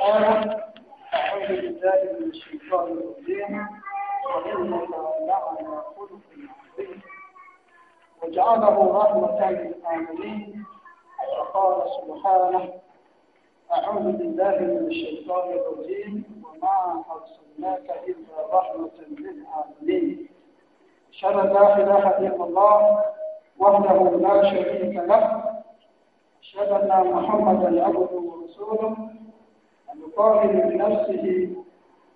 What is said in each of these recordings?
قال أعوذ بالله من الشيطان الرجيم وإنك لعلى خلق عظيم وجعله رحمة للآمنين وقال سبحانه أعوذ بالله من الشيطان الرجيم وما أرسلناك إلا رحمة للآمنين أشهد أن لا إله إلا الله وحده لا شريك له أشهد أن محمدا عبده ورسوله يقاتل بنفسه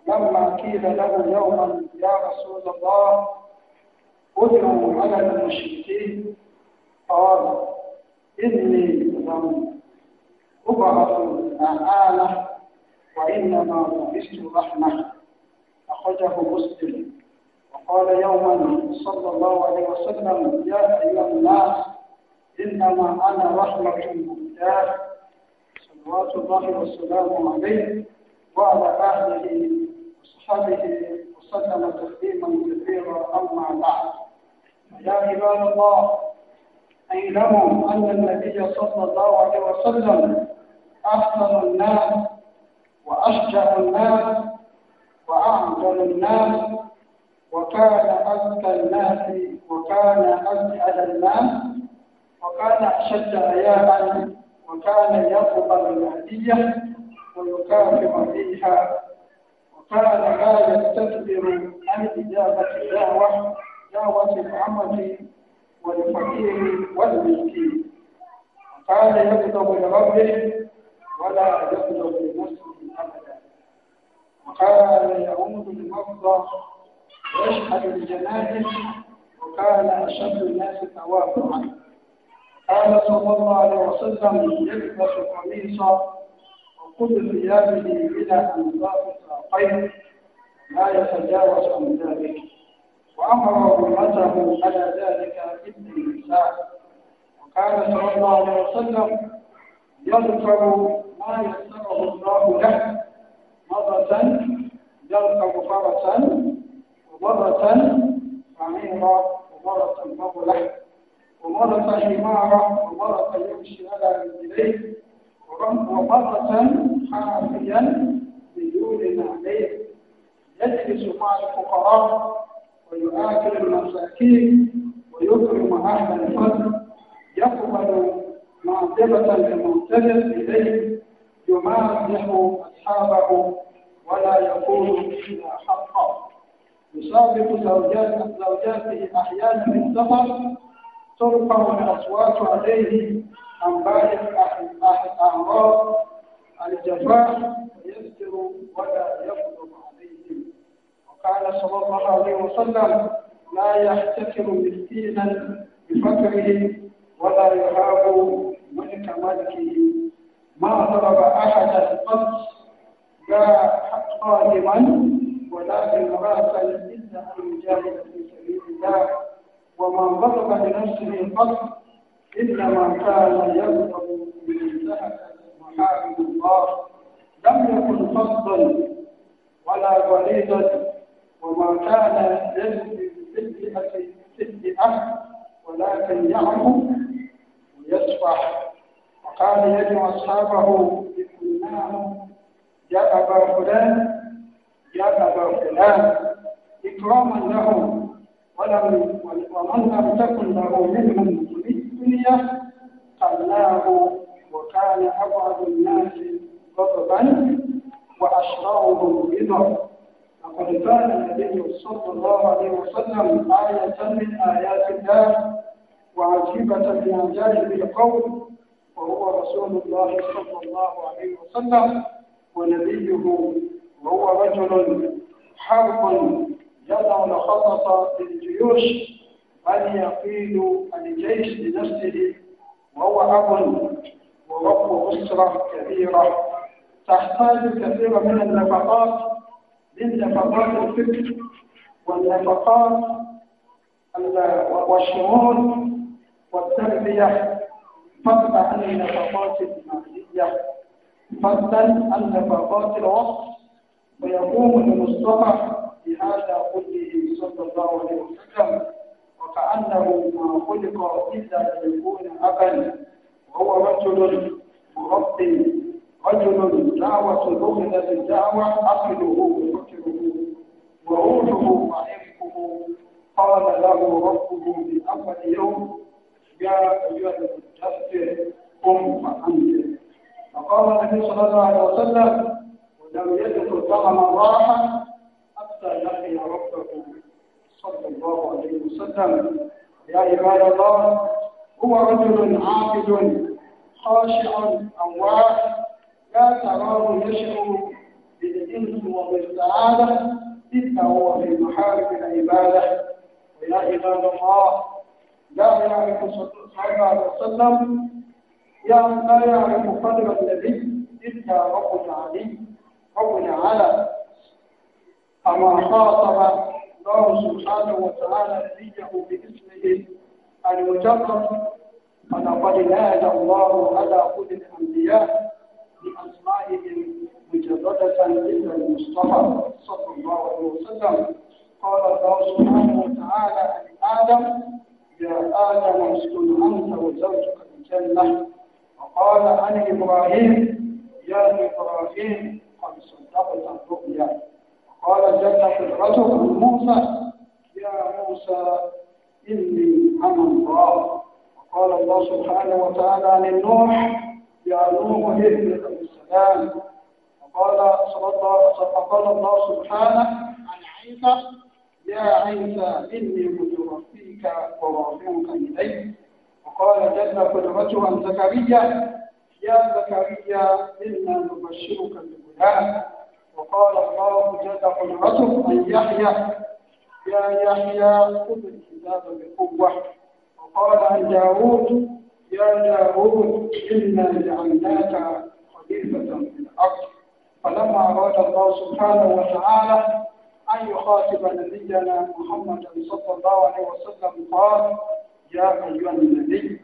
لما قيل له يوما يا رسول الله ادعو على المشركين قال إني لم أبعث أعانة وإنما بعثت رحمه أخرجه مسلم وقال يوما صلى الله عليه وسلم يا أيها الناس إنما أنا رحمة من الله صلوات الله وسلامه عليه وعلى آله وصحبه وسلم تسليما كثيرا أما بعد يا عباد الله اعلموا أن النبي صلى الله عليه وسلم أحسن الناس وأشجع الناس وأعدل الناس وكان أذكى الناس وكان أسعد الناس وكان أشد حياء وكان يقبل الهدية ويكافر فيها وكان لا يستكبر عن إجابة الدعوة دعوة العمة والفقير والمسكين وكان يغضب لربه ولا يغضب لنفسه أبدا وكان يعود المرضى ويشهد الجنائز وكان أشد الناس توافعا قال صلى الله عليه وسلم يلبس قميصا وكل ثيابه إلى أنفاق ساقيه لا يتجاوز عن ذلك وأمر أمته على ذلك ابن النساء وكان صلى الله عليه وسلم يذكر ما يسره الله له مرة يركب فرسا ومرة عميرا ومرة مغلة ومرة حمارا ومرة يمشي على رجليه ومرة حافيا بدون نعليه يجلس مع الفقراء ويؤاكل المساكين ويكرم أهل الفضل يقبل معذبة المعتذر إليه يمازح أصحابه ولا يقول إلا حقا يسابق زوجاته أحيانا في السفر ترفع الأصوات عليه عن بعض أعراض الجفاء يستر ولا يغضب عليهم وقال صلى الله عليه وسلم لا يحتكر مسكينا بفكره ولا يهاب ملك ملكه ما ضرب أحدا قط لا قادما ولا امرأة إلا أن يجاهد في سبيل الله ومن بطب لنفسه إلا إنما كان من ذهب محارم الله لم يكن فضلا ولا وليدا وما كان يجري بسيئة سيئة ولكن يعفو ويصفح وقال يجمع أصحابه لكلناه يا أبا فلان يا أبا فلان إكراما لهم ولم ومن لم تكن له منهم الدنيا قلناه وكان أبعد الناس غضبا وأشرعهم رضا وقد كان النبي صلى الله عليه وسلم آية من آيات الله وعجيبة لعجائب القول وهو رسول الله صلى الله عليه وسلم ونبيه وهو رجل حرب جزع وخطط للجيوش أن يقيد الجيش لنفسه وهو أب ورب أسرة كبيرة تحتاج الكثير من النفقات من نفقات الفكر والنفقات والشمول والتربية فضلا عن النفقات المالية فضلا عن نفقات الوقت ويقوم المصطفى بهذا قوله صلى الله عليه وسلم وكأنه ما خلق إلا ليكون أبا وهو رجل مربي رجل دعوة مغنى الدعوة عقله وفكره وروحه وعرفه قال له ربه في أول يوم يا أيها المدثر قم فأنت فقال النبي صلى الله عليه وسلم ولم يدخل طعم الراحة حتى يحيى وفده صلى الله عليه وسلم يا عباد الله هو رجل عابد خاشع أواع لا تراه يشعر بالإنس وبالسعادة إلا هو في محارب العبادة ويا عباد الله لا يعرف صلى الله عليه وسلم لا يعرف قدر النبي إلا رب العلي رب العالم أما خاطب الله سبحانه وتعالى نبيه باسمه المجرد فلقد نادى الله على كل الأنبياء بأسمائهم مجردة إلا المصطفى صلى الله عليه وسلم قال الله سبحانه وتعالى عن آدم يا آدم اسكن أنت وزوجك الجنة وقال عن إبراهيم يا إبراهيم قد صدقت الرؤيا قال جل الرجل موسى يا موسى إني أنا الله وقال الله سبحانه وتعالى عن النوح يا نوح اهدنا السلام وقال وقال الله سبحانه عن عيسى يا عيسى إني متوفيك ورافعك إلي وقال جل قدرته عن زكريا يا زكريا إنا نبشرك بغلام وقال الله جل قدرته أن يحيى يا يحيى خذ الكتاب بقوة وقال عن داوود يا داوود إنا جعلناك خليفة في الأرض فلما أراد الله سبحانه وتعالى أن يخاطب نبينا محمدا صلى الله عليه وسلم قال يا أيها النبي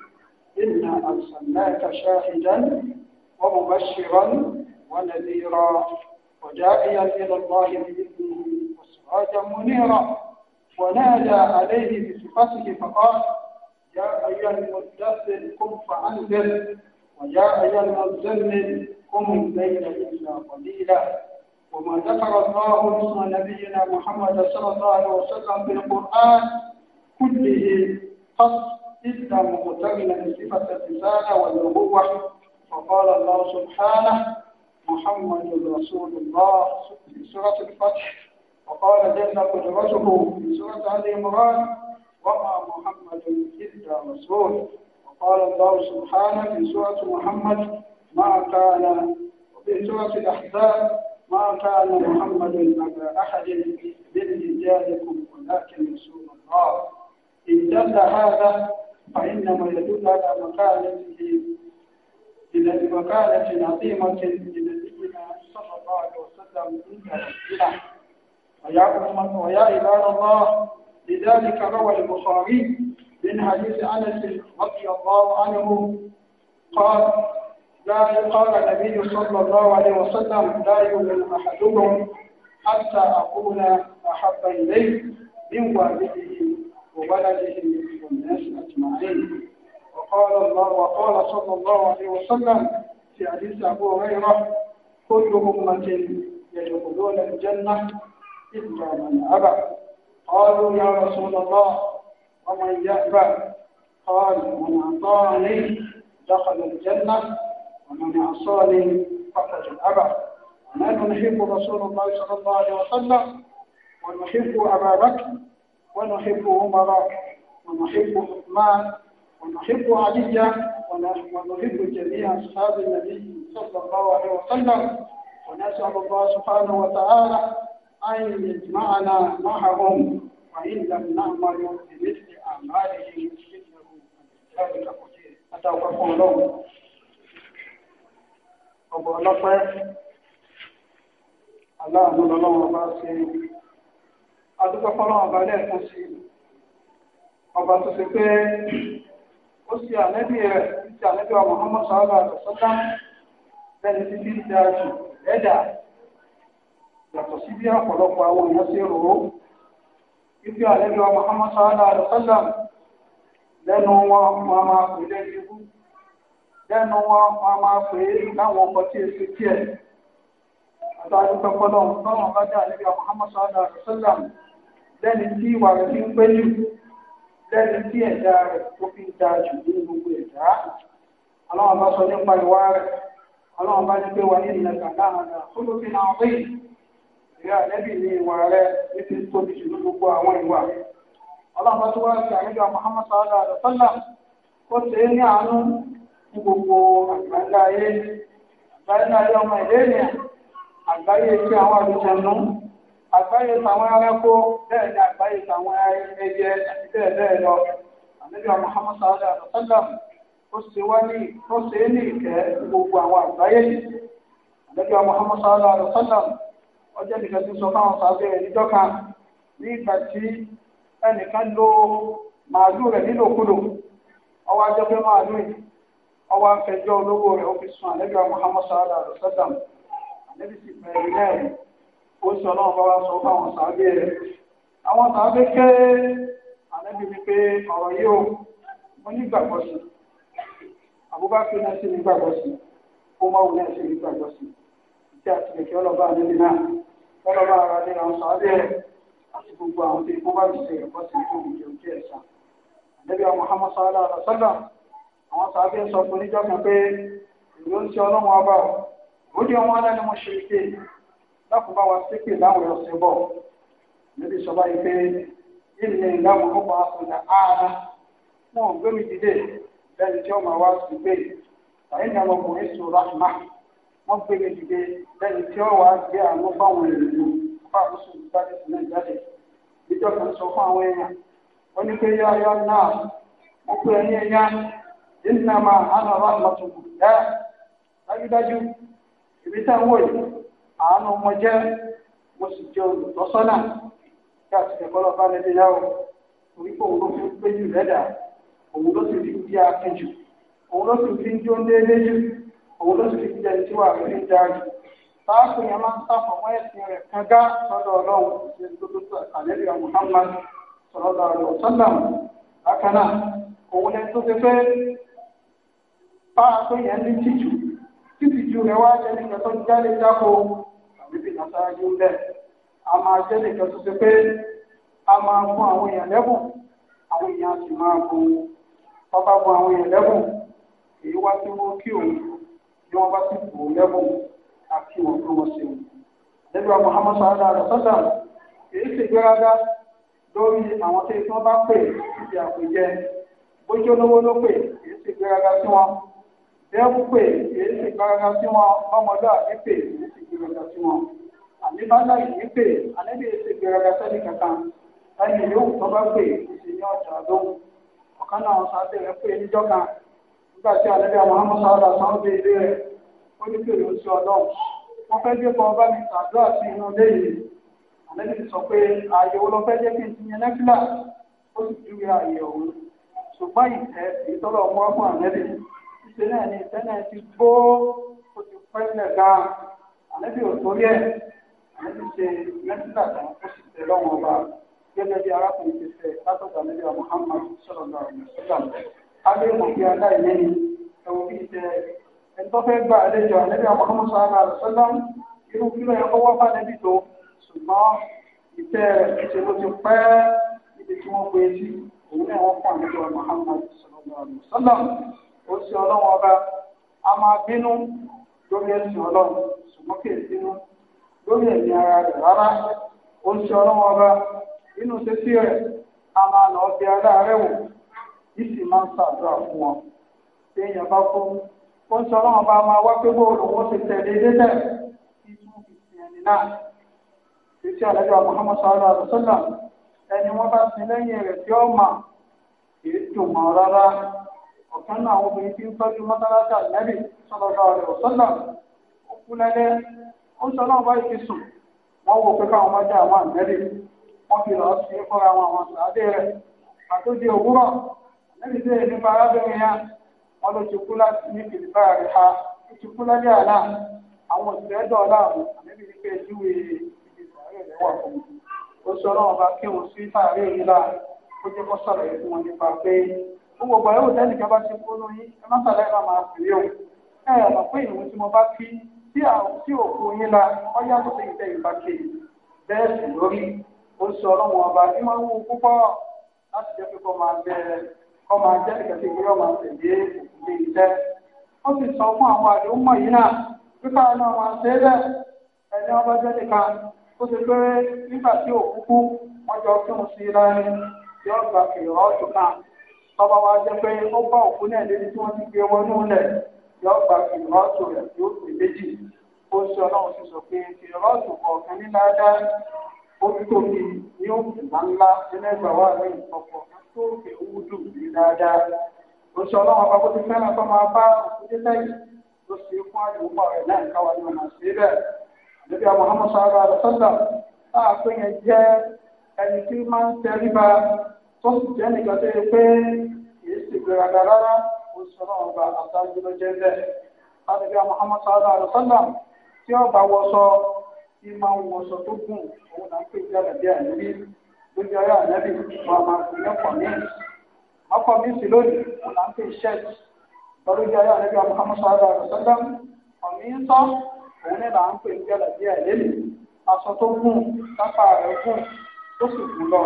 إنا أرسلناك شاهدا ومبشرا ونذيرا وداعيا إلى الله بإذنه وسراجا منيرا ونادى عليه بصفته فقال يا أيها المدثر قم فأنذر ويا أيها المزمل قم الليل إلا قليلا وما ذكر الله اسم نبينا محمد صلى الله عليه وسلم في القرآن كله قط إلا مقترنا بصفة الرسالة والنبوة فقال الله سبحانه محمد رسول الله في سورة الفتح وقال جل قدرته في سورة آل عمران وما محمد إلا رسول وقال الله سبحانه في سورة محمد ما كان وفي سورة الأحزاب ما كان محمد أبا أحد من رجالكم ولكن رسول الله إن دل هذا فإنما يدل على مكانته إلى مكانة عظيمة من الله عليه وسلم منها منزلة ويا أمة ويا عباد الله لذلك روى البخاري من حديث أنس رضي الله عنه قال لا قال النبي صلى الله عليه وسلم لا يؤمن أحدكم حتى أكون أحب إليه من والده وبلده والناس أجمعين وقال الله وقال صلى الله عليه وسلم في حديث أبو هريرة كل أمة يدخلون الجنة إلا من أبى قالوا يا رسول الله ومن يأبى قال من أعطاني دخل الجنة ومن عصاني فقد أبى نحن نحب رسول الله صلى الله عليه وسلم ونحب أبا بكر ونحب عمر ونحب عثمان ونحب علي ونحب جميع أصحاب النبي صلى الله عليه وسلم ونسأل الله سبحانه وتعالى أن يجمعنا معهم وإن لم نعمل بمثل أعمالهم فإنه ذلك قدير أتوقف لهم ọgbọ̀n ọlọ́pẹ́ aláàánú lọ́wọ́ bá ṣe adúgbòpọ̀ lọ́wọ́ bá lẹ́ẹ̀kan sí ọba tó ṣe pé ó ṣe ànẹ́bí rẹ̀ ti ànẹ́bí ọmọ ọmọ sọ́ọ́lá àdọ̀sọ́dá lẹ́ni títí dáa jù ẹ̀dà yàtọ̀ sí bí ọ̀pọ̀lọpọ̀ àwọn èèyàn ṣe rò ó ife àlejò Muhammad sallallahu alaihi lẹ́nu wọn wọn máa pè lẹ́yìn ikú lẹ́nu wọn máa pè é láwọn ọkọ̀ tí èsì tiẹ̀ àtàwọn bá dé àlejò lẹ́ni tí ìwà rẹ̀ ń pé jù lẹ́ni tí ẹ̀dá rẹ̀ tó fi da jù nínú nípa ọlọ́run bá ní pé wà ní ìlẹ̀ kàkà àná olókè náà wí ìyá ẹ̀lẹ́bì ní ìwà rẹ̀ ní ti tóbi jù gbogbo àwọn ìwà ọlọ́run bá tó wá sí Muhammad sallallahu wa sallam ó ṣe é ní àánú ní gbogbo àgbáńlá ayé àgbáńlá ayé ọmọ ìlú ènìyàn àgbáyé ti àwọn àlùjànnú àgbáyé tàwọn ẹranko bẹ́ẹ̀ ni àgbáyé ẹyẹ bẹ́ẹ̀ bẹ́ẹ̀ lọ Muhammad sallallahu wa sallam ó ṣe wá ní ó ṣe é ní ìkẹ́ gbogbo àwọn àgbáyé yìí àdẹ́gbẹ́ ọmọ ọmọ sọ́lá rẹ̀ ọjọ́ nìkan ti sọ fáwọn sábẹ́ rẹ̀ kan ní ìgbà tí ẹnìkan lo màálù rẹ̀ nílòkulò ọwọ́ ajọ́ pé màálù yìí ọwọ́ afẹjọ́ olówó rẹ̀ ó fi sun àdẹ́gbẹ́ náà ó sọ náà bá wá sọ fáwọn sábẹ́ rẹ̀ àwọn sábẹ́ kẹ́ pé ọ̀rọ̀ yìí ó Abubakar náà sì ní gbàgbọ́ sí Umar náà sì ní gbàgbọ́ sí ìdí àtìlẹ́kẹ́ ọlọ́ba àdébí náà ọlọ́ba ara ní àwọn sọ abẹ́ rẹ̀ àti gbogbo àwọn tó ikú bá ti ṣe ẹ̀kọ́ sí tó kù jẹun kí Àdébí àwọn Muhammad sallallahu alaihi wa sallam àwọn sàbẹ̀ sọ fún níjọ́ kan pé ìlú ń ṣe ọlọ́run ọba ó dé wọn lẹ́nu mo ṣe ike lákùn bá wa ṣépè láwọn ọ̀sẹ̀ bọ̀ níbi ìṣọba yìí pé ilẹ̀ ìlànà ọkọ̀ àṣọjà ààrẹ wọn ò gbé mi dìde bẹ́ẹ̀ni tí ó máa wá gbé àyìn náà ọkùnrin sùn ráhùmá wọ́n gbé dìde bẹ́ẹ̀ni tí ó wá àwọn fáwọn èèyàn fún àkóso ìgbàdí sílẹ̀ jáde ìjọ kan sọ fún àwọn èèyàn wọ́n ní pé yáyá náà dájúdájú ìbí yìí àánú mo sì olùtọ́sọ́nà kí bá yá o lẹ́dàá. òun ló sì fi ń bí akinjù òun ló sì fi ń jó déédé òun ló sì fi ń jẹ tí wà fi ń yẹn máa ń ẹ̀sìn rẹ̀ kángá ọlọ́run ṣe tó tó tó àlẹ́lẹ́ ọmọ òun tó fẹ́ a yẹn ní tìjú rẹ̀ wá jẹ́ tó ń jáde jáko nàṣáájú a máa ọba bu àwọn èèyàn lẹ́bùn èyí wá sí wọn kí òun ni wọn bá sì bò ó lẹ́bùn àti wọn tó wọn ṣe wọn. lẹ́gbẹ̀ẹ́ Muhammad sallallahu alaihi èyí sì gbéraga lórí àwọn tí wọ́n bá pè síbi àpèjẹ bójú olówó ló pè èyí sì gbéraga sí wọn pè èyí sì gbéraga sí wọn ọmọdé àti pè èyí sì gbéraga sí wọn bàtà yìí pè àlẹ́ bí èyí sì gbéraga sẹ́ni kankan yóò ọ̀kan náà rẹ̀ pé níjọ́ kan nígbà tí àlẹ́ bíi Muhammad sáwọ́dà sáwọ́ dé ilé rẹ̀ ó ní pèrè oṣù ọlọ́run wọ́n fẹ́ gbé pọ̀ bá mi tàdúrà sí inú ilé yìí àlẹ́ bíi sọ pé ààyè wo lọ fẹ́ jẹ́ kí n ti yẹn nẹ́fìlà ó sì júwe ààyè ọ̀hún ṣùgbọ́n ìtẹ́ ìtọ́lọ̀ mọ́ fún àlẹ́bí ṣíṣe náà ni ìtẹ́ náà ti gbó ó ti pẹ́ lẹ̀ gan àlẹ́bí ò torí ẹ̀ àlẹ́bí bí arákùnrin látọ̀gbà níbi ọmọ Muhammad sọ̀rọ̀ náà ní sọ́dọ̀ abẹ́mọ̀ bí aláìlẹ́ni ẹ̀wọ̀n bí ìtẹ́ ẹ̀ńtọ́fẹ́ gba àlejò níbi ọmọ Muhammad sọ̀rọ̀ náà sọ́dọ̀ irú kílọ̀ yẹn kọ́wọ́ bá níbi tó ṣùgbọ́n ìtẹ́ ìṣẹ́ ló ti pẹ́ níbi tí wọ́n pe sí òun náà wọ́n fún àlejò Muhammad sọ̀rọ̀ náà ní sọ́dọ̀ ó sì ọlọ́wọ́n ọba a máa bínú lórí ẹ̀sìn ọlọ́run ṣùgbọ́n kì a máa lọ bí isi rẹ̀ wò ìsì máa ń ṣàdúrà fún ọ. tí èèyàn bá fún ó ń sọ ọlọ́run bá máa wá pé bóòlù ti tẹ̀lé ìsìn náà títí àlejò ẹni bá sin lẹ́yìn rẹ̀ tí ó mà rárá ọ̀kan náà àwọn obìnrin tí ń tọ́jú mọ́tàlásà ó kú lẹ́lẹ́ ó ń sọ ọlọ́run bá wọ́n fi lọ́ọ́ sí fúnra wọn àwọn sàádé rẹ̀ àtúndì òwúrọ̀ níbi tí èyí nípa arábìnrin yẹn wọ́n ló ti kú láti ní kìlìbà rẹ̀ ha ó ti kú lálẹ́ àná àwọn òṣìṣẹ́ dọ̀ọ́lá àwọn àmẹ́bí ní pé ìjúwe ibi sàárẹ̀ rẹ̀ wà fún mi ó sọ náà bá kí òun sí sàárẹ̀ yìí lá ó jẹ́ kó sàlàyé fún wọn nípa lórí ó ń sọ ọlọ́run ọba ní máa ń wú púpọ̀ láti jẹ́ pé kọ́ máa jẹ́ kọ́ máa jẹ́ ìkẹ́kẹ́ máa tẹ̀lé òkúté iṣẹ́ sọ fún àwọn àdéhùn mọ̀ yìí náà pípa náà máa ṣe é bẹ́ẹ̀ ẹni ọba jẹ́ nìkan ó ti pé nígbà tí òkúkú wọ́n jọ kí wọ́n sí láàrin yóò gba kìlọ̀ ọ̀tún wa jẹ́ pé ó bá òkú náà tí wọ́n ti gbé wọnú lẹ̀ gba kìlọ̀ ọ̀tún rẹ̀ ó ó tóbi ní òkè ńláńlá nínú ẹgbàá wà ní ìtọ́pọ̀ tó òkè wúdù ní dáadáa ó ṣe ọlọ́run ọba bó ti fẹ́ràn tó máa bá òkúté lẹ́yìn tó ṣe fún àdìmúpọ̀ rẹ̀ náà káwa ní ọ̀nà sí bẹ́ẹ̀ àdébí àwọn ọmọ sára rẹ̀ sọ́dà táà pé yẹn jẹ́ ẹni tí máa ń tẹríba tó sì jẹ́ nìkan tó yẹ pé kì í sì gbéraga rárá ó ọlọ́run ọba àtàjù tí máa ń wọṣọ tó gùn òun náà pé jẹ́rẹ̀ bí àìrí lójú ayé ànábì wọn máa fi lẹ́kọ̀ọ́ ní ọkọ̀ mi sì lónìí òun náà pé ṣẹ́ẹ̀tì lọ́lójú ayé ọ̀mí ń sọ òun là ń pè aṣọ tó gùn kápá rẹ̀ gùn tó sì gùn lọ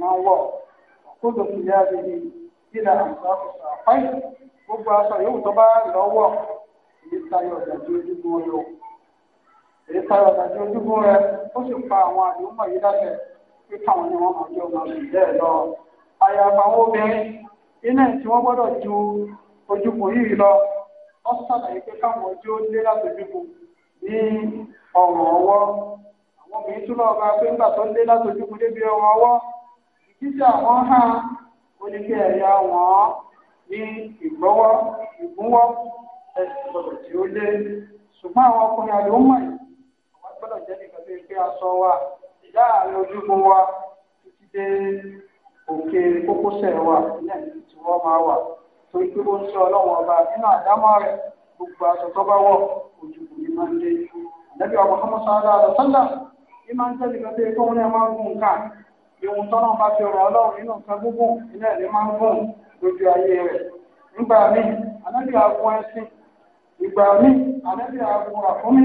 máa ń wọ̀ kódò fi yá bí i ìlà àǹfààní gbogbo èyí tayọ àtàjọ ojúbọ rẹ ó sì pa àwọn àdéhùnmọ̀ yìí láṣẹ pé káwọn ni wọn kọjọ máa sùn lọ. àyàfà àwọn obìnrin iná tí wọ́n gbọ́dọ̀ ju ojúbọ yìí lọ wọ́n sàlàyé pé káwọn ojú ó láti ojúbọ ní àwọn obìnrin pé ńgbà tó láti ojúbọ débi wọn wọn ní gbọ́dọ̀ jẹ́ nìkan tó gbé aṣọ wa láàrin ojúmọ́ wa títí dé òkè kókósẹ̀ wa nílẹ̀ tí wọ́n máa wà torí pé ó ń sọ ọlọ́wọ́n ọba nínú àdámọ́ rẹ̀ gbogbo aṣọ tó bá wọ̀ ojú kò máa ń dé ànábì wa Muhammad sallallahu alaihi wasallam ní máa ń jẹ́ nìkan tó kọ́ wọn ní máa ń gùn ká ìwọ̀n tọ́nà bá fi ọ̀rọ̀ ọlọ́run nínú nǹkan gúngùn ilé ẹ̀ ní máa ń gùn lójú ayé rẹ̀ nígbà míì ànábì àgùn ẹṣin ìgbà míì ànábì àgùn àfúnmí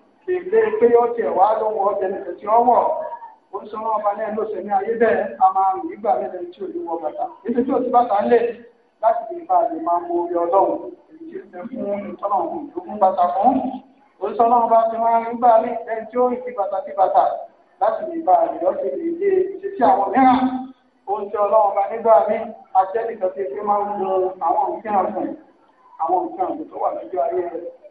èlé pé yóò tiẹ̀ wá lóhùn ọ̀jẹ̀ nìkan tí wọ́n wọ̀ ó ń sọ́nà ọba náà ló sẹ́ni ayé bẹ́ẹ̀ a máa rìn nígbà mẹ́lẹ̀ tí ò ní wọ bàtà níbi tí ò ti bàtà ń lè láti lè bá a lè máa mú orí ọlọ́run èyí tí ó fẹ́ fún ìtọ́nà òun ló fún bàtà fún ó ń sọ́nà ọba tí wọ́n rìn gbà mí lẹ́yìn tí ó rìn bàtà sí bàtà láti lè bá a lè lọ́ọ́ tẹ̀lé ilé iṣẹ́ tí àwọn mìíràn ó ń tẹ ọlọ́run ọba nígbà mí ajẹ́ nìkan tí ó máa ń lo àwọn nǹkan ọ̀gbìn àwọn nǹkan ọ̀gbìn tó wà lójú ayé rẹ̀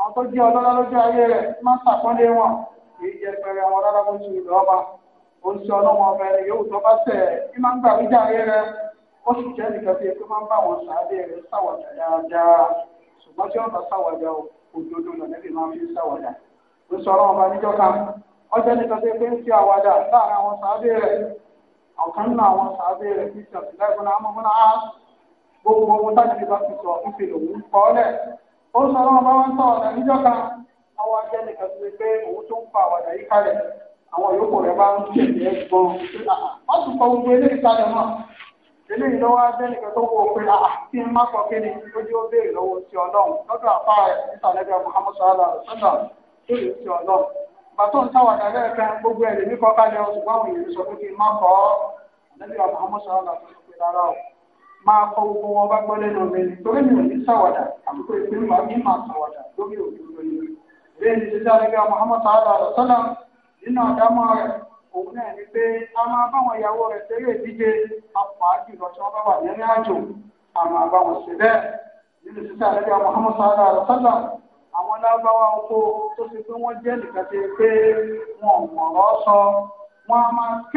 àwọn tó jẹ́ ọlọ́lá lójú ayé rẹ̀ máa ń sàpọ́nlé wọn èyí jẹ́ pẹ̀rẹ̀ àwọn rárá bó ti lọ́ ọba ó ń ṣe ọlọ́wọ́n ọba ẹni yóò tó bá tẹ̀ ní máa ń gbà wíjà ayé rẹ̀ ó sì jẹ́ nìkan máa ń bá sàádé rẹ̀ dáadáa ṣùgbọ́n tí wọ́n bá òdodo máa fi ó ọba níjọ́ kan nìkan ń ṣe láàrin àwọn sàádé rẹ̀ ó sọ ọlọ́run bá wọn sọ̀rọ̀ níjọ́ kan àwọn akẹ́lẹ̀ kan ti pé òun tó ń fa àwàdà yìí kalẹ̀ àwọn yòókù rẹ̀ bá ń tẹ̀lé ẹ̀ gbọ́n wọ́n kọ gbogbo eléyìí kalẹ̀ náà eléyìí lọ́wọ́ ajẹ́nìkan tó wọ pé ah, kí n má kọ kí ni ó jẹ́ ó béèrè lọ́wọ́ ti ọlọ́run lọ́dọ̀ àpá rẹ̀ níta lẹ́gbẹ̀ẹ́ Muhammad sallallahu alaihi wasallam béèrè ti ọlọ́run bàtọ́ ń sáwàdà máa kọ gbogbo wọn bá gbọ́ lẹ́nu mi ni torí mi ò ní sàwádà àbúkọ ìpín màá ní sàwádà lórí òdodo bẹ́ẹ̀ ni ṣe sáré gba Muhammad nínú àdámọ́ rẹ̀ òun náà ni a máa báwọn ìyàwó rẹ̀ ṣeré ìdíje tí wọ́n bá wà ní àjò a máa báwọn ṣe bẹ́ẹ̀ nínú ṣe sáré gba Muhammad àwọn lágbáwá oko tó ṣe pé wọ́n jẹ́ nìkan ṣe pé wọn a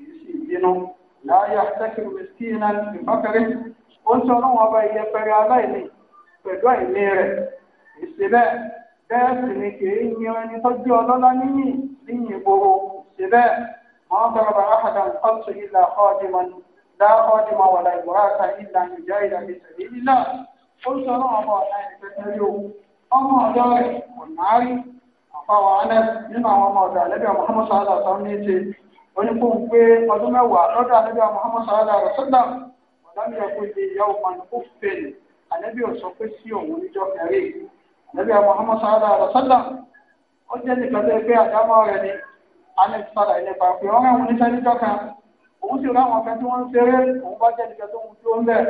kìí sì bínú láyà sẹ́kìrì mẹ́sìkìnà ìbákẹ́rẹ́ ó ń sọ ọlọ́wọ́n ọba ìyẹpẹrẹ aláìní pẹ̀lú àìní rẹ̀ ìṣe bẹ́ẹ̀ bẹ́ẹ̀ sì ni kìí yan ẹni tọ́jú ọlọ́lá níyìn níyìn gbogbo ìṣe bẹ́ẹ̀ wọ́n bẹ̀rẹ̀ bàrà àdá nǹkan tó ilà wọ́n ní kó ń pé ọdún mẹ́wàá lọ́dọ̀ àlẹ́bíà Muhammad sallallahu alaihi wasallam ọ̀dàbí ẹ̀kọ́ ti ìyá òfin kó fẹ̀lì àlẹ́bíà sọ pé sí òun níjọ́ kẹrì àlẹ́bíà Muhammad sallallahu alaihi wasallam ó jẹ́ nìkan tó pé àdámọ́ rẹ̀ ni alex padà ilé pa pé ọ̀rẹ́ òun níṣẹ́ níjọ́ kan òun sì ráwọn ọ̀fẹ́ tí wọ́n ń ṣeré òun bá jẹ́ nìkan tó ń dúró ń bẹ̀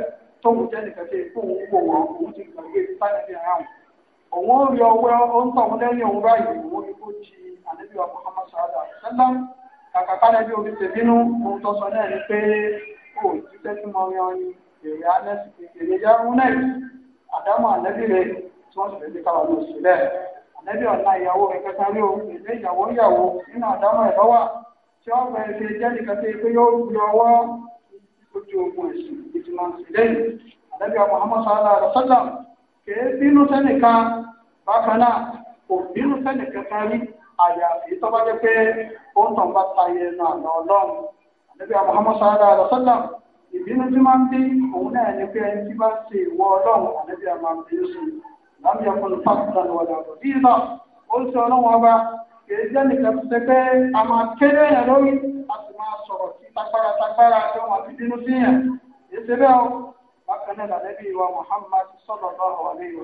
tóun jẹ́ nìkan tó kó òun wò wọ́n òun ti gbàgbé sáyẹ̀dì aráàlú òun ó rí ọwọ́ ó ń tọ̀ kàkà kálẹ̀ bí omi tèmínú ohun tó sọ náà ni pé ó jíṣẹ́ tí mo yan ni èrè anẹ́sì èrè yẹrun náà àdámọ̀ ànẹ́bí rẹ̀ tí wọ́n sì fẹ́ gbé káwa lóṣù rẹ̀ ànẹ́bí ọ̀nà ìyàwó rẹ̀ kẹta rí o èlé ìyàwó ìyàwó nínú àdámọ̀ ẹ̀ lọ́wọ́ tí wọ́n fẹ́ ṣe jẹ́ nìkan àyàfi tó bá jẹ́ pé ó ń tàn bá tayé ẹnu àná ọlọ́run àdébí Muhammad sallallahu alaihi wasallam ìbínú tí máa ń bí òun náà ní pé ẹni tí bá ṣe ìwọ ọlọ́run àdébí bíi náà ó ń ọlọ́run ọba kìí jẹ́ nìkan tó ṣe pé a máa kéré yẹn lórí a sì máa sọ̀rọ̀ sí bínú sí o bákan náà làdébí Muhammad sallallahu alaihi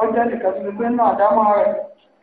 ó jẹ́ nìkan tó ṣe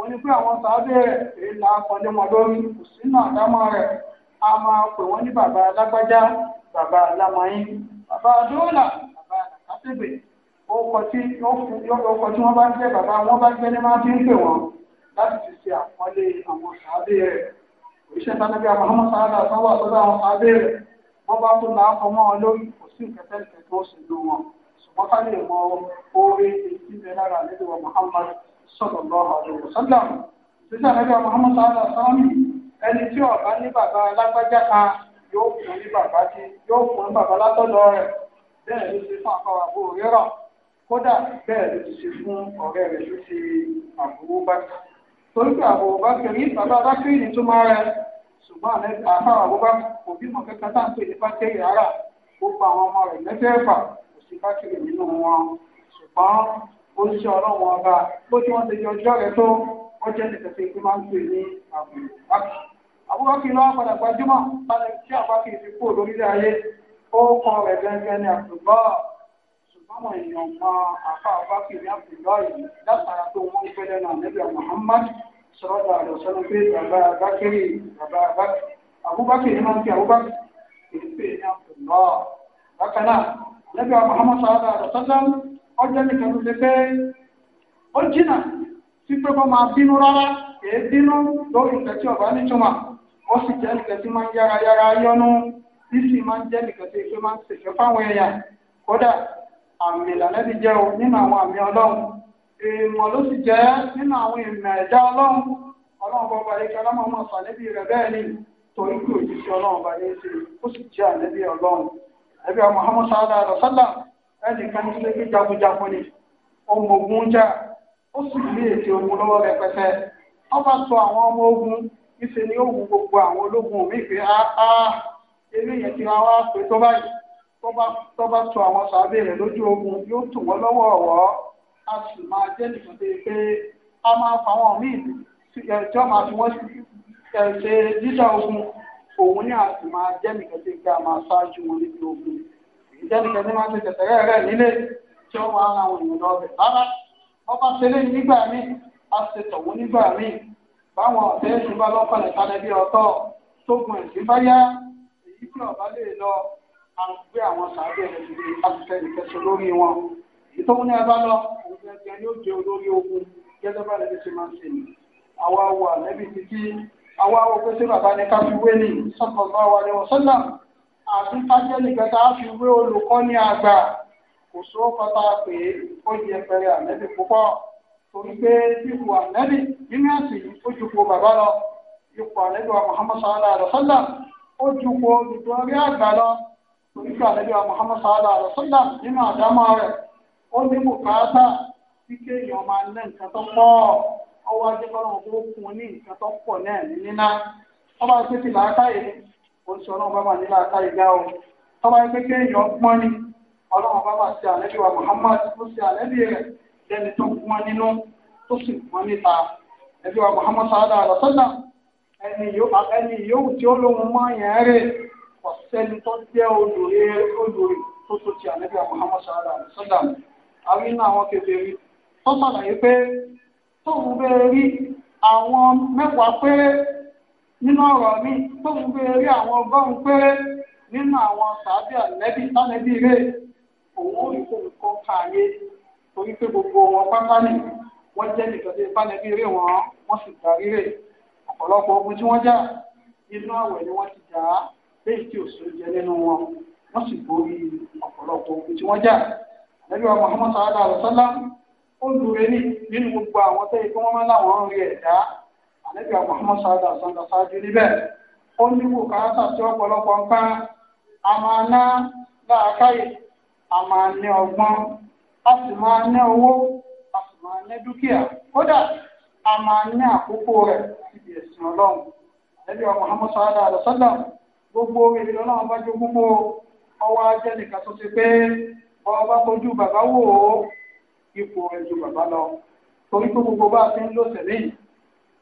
ó ní pé àwọn sábẹ́ rẹ̀ èyí là á kọjú wọn lórí kò sínú àdámọ́ rẹ̀ a máa pè wọ́n ní bàbá alágbájá bàbá alámọ̀yín bàbá adóòlà bàbá àkàtẹ́gbè ọkọ̀ tí wọ́n bá jẹ́ bàbá wọn bá jẹ́ ní máa fi ń pè wọ́n láti fi ṣe àpọ́nlé àwọn sábẹ́ rẹ̀ òṣìṣẹ́ tánábí àmọ́ sáádà sanwó àtọ́jú àwọn sábẹ́ rẹ̀ wọ́n bá tún náà fọmọ́ wọn lórí kò sí ìkẹtẹ́ ìkẹtẹ́ ó sì lò wọn ṣùgbọ́n ká lè mọ oore èyí tí ń bẹ lára àlejò wa Muhammad sallallahu alaihi wasallam sísè àlẹ́bíà Muhammad sallallahu alaihi wasallam ẹni tí ọ̀bá ní bàbá alágbájá kan yóò fún ní bàbá tí yóò fún bàbá látọ̀dọ̀ rẹ̀ bẹ́ẹ̀ ló ti fún àkàwà bó rírọ̀ kódà bẹ́ẹ̀ ló ti ṣe fún ọ̀rẹ́ rẹ̀ ló ti àbúrò bàtà torí pé àbúrò bàtà rí bàbá bàtìrì oníṣẹ́ ọlọ́run ọba bó tí wọ́n ti di ọjọ́ rẹ̀ tó ó jẹ́ nìkẹ́sẹ̀ tó máa ń pè ní àbùrùbákì. àbúrọ́kì lọ́wọ́ padà gbajúmọ̀ padà tí àbákì ti kú lórílẹ̀ ayé ó rẹ̀ gẹ́gẹ́ ní ṣùgbọ́n àwọn èèyàn mọ àfa àbákì ní yìí látara tó wọ́n Muhammad pé bàbá bàbá àbákì àbúbákì ni wọ́n ń pè àbúbákì ìdí pé ní bákan náà Muhammad ọ nìkan ló ṣe pé ó jìnà sí pé kó máa bínú rárá èé bínú lórí ọba ó sì jẹ́ nǹkan tí máa ń yára yára yọnu tí sì máa ń jẹ́ tí ìfẹ́ máa ń fáwọn kódà àmì ìlànà ti jẹ́ o nínú àwọn àmì ọlọ́run èèmọ̀ ló sì jẹ́ nínú àwọn ìmọ̀ ẹ̀dá ọlọ́run ọlọ́run bọ́ balẹ̀ kí ọlọ́mọ ọmọ sàn níbi rẹ̀ bẹ́ẹ̀ ni torí sí ọlọ́run balẹ̀ ó sì ẹnìkan ní pé jagunjagun ni ọmọ ogun jà ó sì ní ètò ogun lọ́wọ́ rẹpẹtẹ wọ́n bá ọmọ ogun ìṣe ni ó wù gbogbo àwọn ológun mi pé áá eré yẹn ti ra wá pé tó tó bá àwọn a sì máa jẹ́ nìkan tó a máa fa àwọn míì tí wọ́n máa fi wọ́n ṣe ogun ni a sì máa jẹ́ nìkan tó yẹ a máa ṣáájú wọn níbi ogun. ìjẹ́nikẹ́ni máa ń ṣe tẹ̀tẹ̀rẹ́ rẹ̀ nílé tí ó máa ń ra àwọn èèyàn lọ bẹ̀ rárá wọ́n bá ṣe léyìn nígbà míì á ṣe tọ̀wọ́ nígbà míì báwọn ọ̀tẹ́ ìṣúbá lọ́kọ̀lẹ̀ kalẹ̀ bí ọtọ́ tógun ẹ̀sìn bá yá èyí tí ọ̀bá lè lọ àwọn gbé àwọn sàábẹ̀ rẹ̀ síbi àtúntẹ̀ ìkẹsọ lórí wọn ìtòun ní abá lọ òun ní ẹgbẹ́ ni ó jẹ olórí ogun gẹ́gẹ́ bá lẹ́ni àti kájẹ́lì kẹta fi wé olùkọ́ni àgbà kò sówó kọta pé ó yẹ pẹrẹ ànẹ́bì púpọ̀ torí pé ipò ànẹ́bì nínú ẹ̀sìn ó ju po bàbá lọ ipò ànẹ́bì wa Muhammad sallallahu alaihi wa sallam ó ju po olùdórí àgbà lọ torí pé ànẹ́bì wa Muhammad sallallahu alaihi wa sallam nínú àdámọ́ rẹ̀ ó ní bùkátà tí kéèyàn máa ní nǹkan tó pọ̀ ọwọ́ ajẹ́kọ̀ọ́ náà ó kún ní nǹkan tó pọ̀ náà nínú náà wọ́n bá ń pèsè làákàyè oṣù ọlọ́run bá wà nílà ká ìgbà o tọ́ba ẹgbẹ́ kéèyàn pọ́n ni ọlọ́run bá wà sí àlẹ́bí wa Muhammad ló ṣe àlẹ́bí rẹ̀ lẹ́ni tó pọ́n nínú tó sì pọ́n níta ẹbí wa Muhammad sáadà àlọ́sọ́dà ẹni yòówù tí ó lóun mọ́ yẹn rè ọ̀sẹ́ni tó jẹ́ tó tó ti àlẹ́bí wa Muhammad sáadà àlọ́sọ́dà àwọn iná àwọn tó sàlàyé pé tóun bẹ́ẹ̀ rí àwọn mẹ́wàá nínú ọ̀rọ̀ mi tó ń gbé rí àwọn ọgọ́rùn-ún péré nínú àwọn sàábì àlẹ́bí sálẹ́bí rẹ̀ òun ò rí kó kààyè torí pé gbogbo wọn pátá nì wọ́n jẹ́ nìkan tí sálẹ́bí rẹ̀ wọ́n wọ́n sì darí rẹ̀ ọ̀pọ̀lọpọ̀ ogun tí wọ́n jà nínú àwẹ̀ ni wọ́n ti jà á léyìí tí òṣèlú jẹ nínú wọn wọ́n sì borí ọ̀pọ̀lọpọ̀ ogun tí wọ́n jà àlẹ́bí wa Muhammad sallallahu alaihi wasallam ó lù rẹ̀ nínú gbogbo àwọn tẹ́yẹ kí wọ́n àlejò àwọn ọmọ sáadà sọ̀dà sáájú níbẹ̀ ó ní bùkátà tí ọ̀pọ̀lọpọ̀ nǹkan a máa ná láàkáyè a máa ní ọgbọ́n a sì máa ní owó a sì máa ní dúkìá kódà a máa ní àkókò rẹ̀ síbi ẹ̀sìn ọlọ́run àlejò àwọn ọmọ sáadà sọ̀dà gbogbo ìlú ọlọ́run bá jó gbogbo ọwọ́ ajẹ́ nìkan tó ti pé ọba kojú bàbá wò ó ipò rẹ̀ bàbá lọ torí pé gbogbo bá a ti ń lò tẹ̀lé yìí.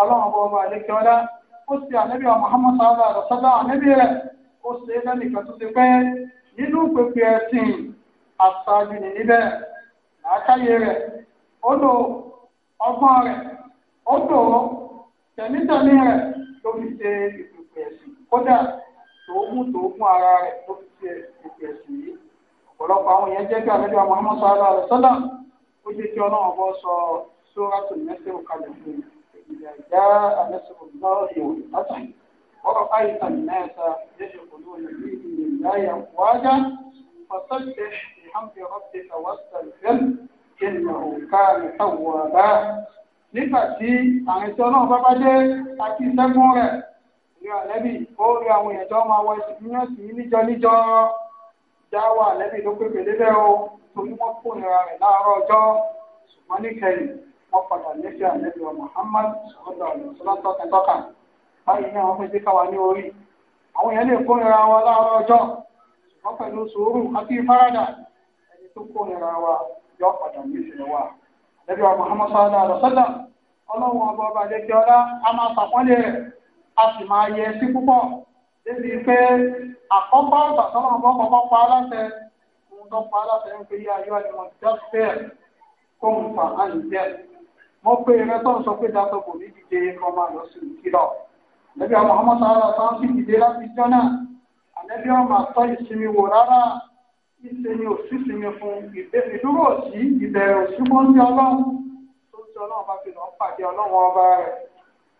ọlọ́run bọ́ ọba àlékè ọlá ó ṣe ànẹ́bí Muhammad sallallahu alaihi wasallam ànẹ́bí rẹ̀ ó ṣe é lẹ́nìkan tó ti pẹ́ nínú pèpè ẹ̀sìn àṣàjù aka níbẹ̀ làákàyè rẹ̀ ó lò ọgbọ́n rẹ̀ ó lò tẹ̀mítẹ̀mí rẹ̀ ló fi ṣe ìpèpè ẹ̀sìn kódà ara rẹ̀ ló fi ṣe ẹ̀sìn yìí ọ̀pọ̀lọpọ̀ àwọn jẹ́ bí ó jẹ́ kí ọlọ́run bọ́ sọ sóràtò fún إذا جاء نصر الله والفتح ورأيت الناس يدخلون في دين الله أفواجا فسبح بحمد ربك واستغفر إنه كان توابا nígbà tí àwọn ìṣẹ́ náà bá bá dé àti ìṣẹ́gun rẹ̀ rí àlẹ́bí ó rí àwọn èèyàn tó máa wọ ìṣìkúnyàn sí níjọ níjọ dáwọ́ àlẹ́bí ló pépè débẹ̀ o torí wọ́n kó ìrora rẹ̀ láàárọ̀ ọjọ́ ṣùgbọ́n níkẹyìn wọ́n padà lẹ́sẹ̀ àlẹ́bí wa Muhammad sọ̀rọ̀ ọ̀sán tọ́ka báyìí náà wọ́n fẹ́ dé káwa ní orí àwọn èèyàn lè kórìíra wa láàárọ̀ ọjọ́ ṣùgbọ́n pẹ̀lú sùúrù àti ìfaradà ẹni tó kórìíra wa yọ padà lẹ́sẹ̀ wa àlẹ́bí wa Muhammad sọ̀rọ̀ ọ̀sán ọlọ́run ọba ọba àdékẹ́ ọlá a máa sàpọ́nlé rẹ̀ a sì máa yẹ sí púpọ̀ débi pé àkọ́kọ́ ìgbàsọ́nà ọba ọkọ̀ pa aláṣẹ òun tó pa aláṣẹ ń pe yí ayọ́ ẹni mọ̀ jọ́sẹ̀ kó ń fa àyè jẹ́ wọ́n pé ẹrẹ́ tó ń sọ pé dáṣọ kò ní dìde ọmọ àlọ́ sí ìkìlọ̀ ànẹ́bí ọmọ ọmọ sára sáà sì dìde láti jọ́ náà ànẹ́bí ọmọ àtọ́ ìsinmi wò rárá ìṣe ni òṣìṣì mi fún ìdúró sí ìbẹ̀rẹ̀ òṣìṣẹ́ ń jẹ́ ọlọ́run tó ń jẹ́ ọlọ́run bá fi lọ́ọ́ pàdé ọlọ́run ọba rẹ̀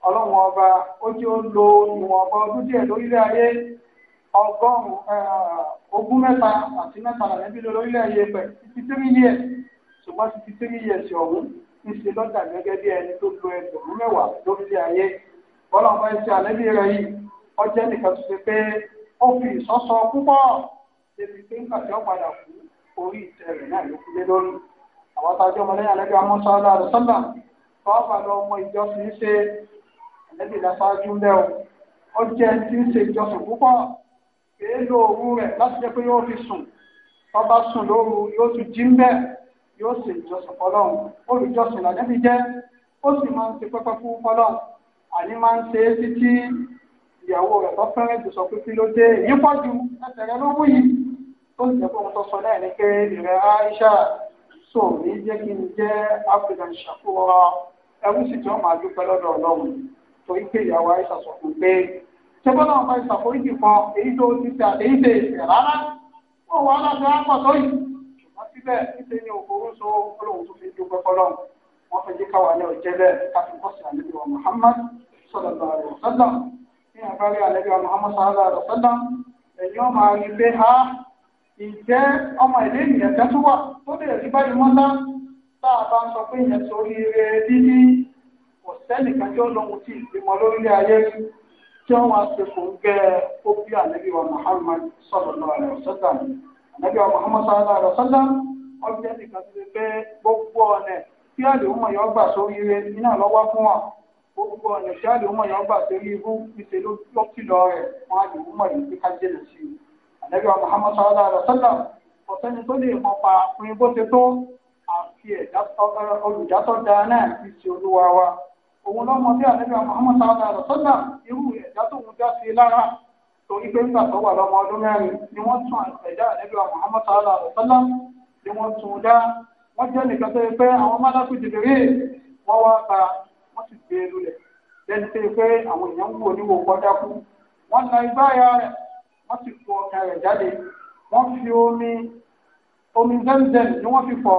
ọlọ́run ọba ó jẹ́ ó lo ìwọ̀nba ọdún díẹ̀ lórílẹ̀ ayé ọgọ́rùn-ún ogún mẹ́ta àti mẹ́ta làlẹ́bí lórílẹ̀ ayé pẹ̀ ṣíṣe lọ́jà gẹ́gẹ́ bí ẹni tó lo ẹgbẹ̀rún mẹ́wàá lórílẹ̀ ayé bọ́lá ọmọ ẹṣẹ́ àlẹ́bí rẹ̀ yìí ọjẹ́ nìkan tó ṣe pé ó fi ìsọ́sọ púpọ̀ débi pé nígbà tí ó padà kú orí ìtẹ́ rẹ̀ náà ló lórí àwọn àlẹ́bí rẹ̀ tó wá padà ọmọ ṣe púpọ̀ òru rẹ̀ láti jẹ́ pé yóò fi sùn sùn lóru yóò tún jí ń bẹ́ẹ̀ yóò ṣe ìjọsìn fọlọ́run olùjọsìn làdẹ́bí jẹ́ ó sì máa ń ṣe pẹ́pẹ́ fún fọlọ́run àní máa ń ṣe é títí ìyàwó rẹ̀ tó fẹ́rẹ́ jù sọ pé kí ló dé èyí pọ̀ ju ẹsẹ̀ rẹ ló wú yìí tó sì jẹ́ pé òun tó sọ náà ní pé ìrẹ̀ Aisha sọ ní jẹ́ kí n jẹ́ African ṣàkóso ẹrú sì tí wọ́n máa dúpẹ́ lọ́dọ̀ Ọlọ́run torí pé ìyàwó Aisha sọ fún pé ṣẹ́gbọ́n náà máa ṣàforíjì kan èyí tó ti ṣe àtẹ̀yí ṣe rárá ó wà á lọ́sẹ̀ á síbẹ̀ níṣẹ́ ni òkúrú so olóhùn tó fi dúpẹ́ fọlọ́run wọ́n fẹ́ jẹ́ káwa ní ọ̀jẹ́ bẹ́ẹ̀ káfí bọ́sì àlejò wa Muhammad sallallahu alaihi wasallam ní àbárí àlejò wa Muhammad sallallahu alaihi wasallam ẹ̀yin ọmọ àrí pé ha ìjẹ́ ọmọ ìlú ènìyàn kan tó wà tó lè rí báyìí mọ́tá tá a bá ń sọ pé ìyẹn sórí rẹ̀ dídí kò sẹ́nìkan tí tí ìgbìmọ̀ lórílẹ̀ ayé tí wọ́n wá ṣe fòun gẹ́ ó bí àlejò wa Muhammad sallallahu alaihi wasallam ànábì wa ọmụ sallallahu alaihi wa sallam wọ́n fi gbogbo ọ̀nà tí àlèhùn mọ̀ yọ gbà sórí iná fún ọ gbogbo ọ̀nà tí àlèhùn mọ̀ yọ gbà sórí ibú níṣẹ́ ló kìlọ̀ rẹ̀ yìí ká i ànábì wa Muhammad sallallahu ọ̀sẹ́ni tó lè mọ pa pin bó ṣe tó àfi olùdásọ́ dáa náà fi ṣe olúwa wa òun lọ́mọ bí torí pé nígbà tó wà lọ́mọ ọdún mẹ́rin ni wọ́n tún ẹ̀dá nílùú àwọn ọmọọta aláàbọ̀sọ́lá ni wọ́n tún un dá wọ́n jẹ́ nìkan tó yẹ pé àwọn mọ́lákù jìbìrì wọ́n wá ba wọ́n sì gbé e lulẹ̀ lẹ́nu tó yẹ pé àwọn èèyàn ń wò níwò kọ́dákú wọ́n na igbá ya rẹ̀ wọ́n sì fọ ọkàn rẹ̀ jáde wọ́n fi omi omi zẹ́mzẹ́m ni wọ́n fi fọ́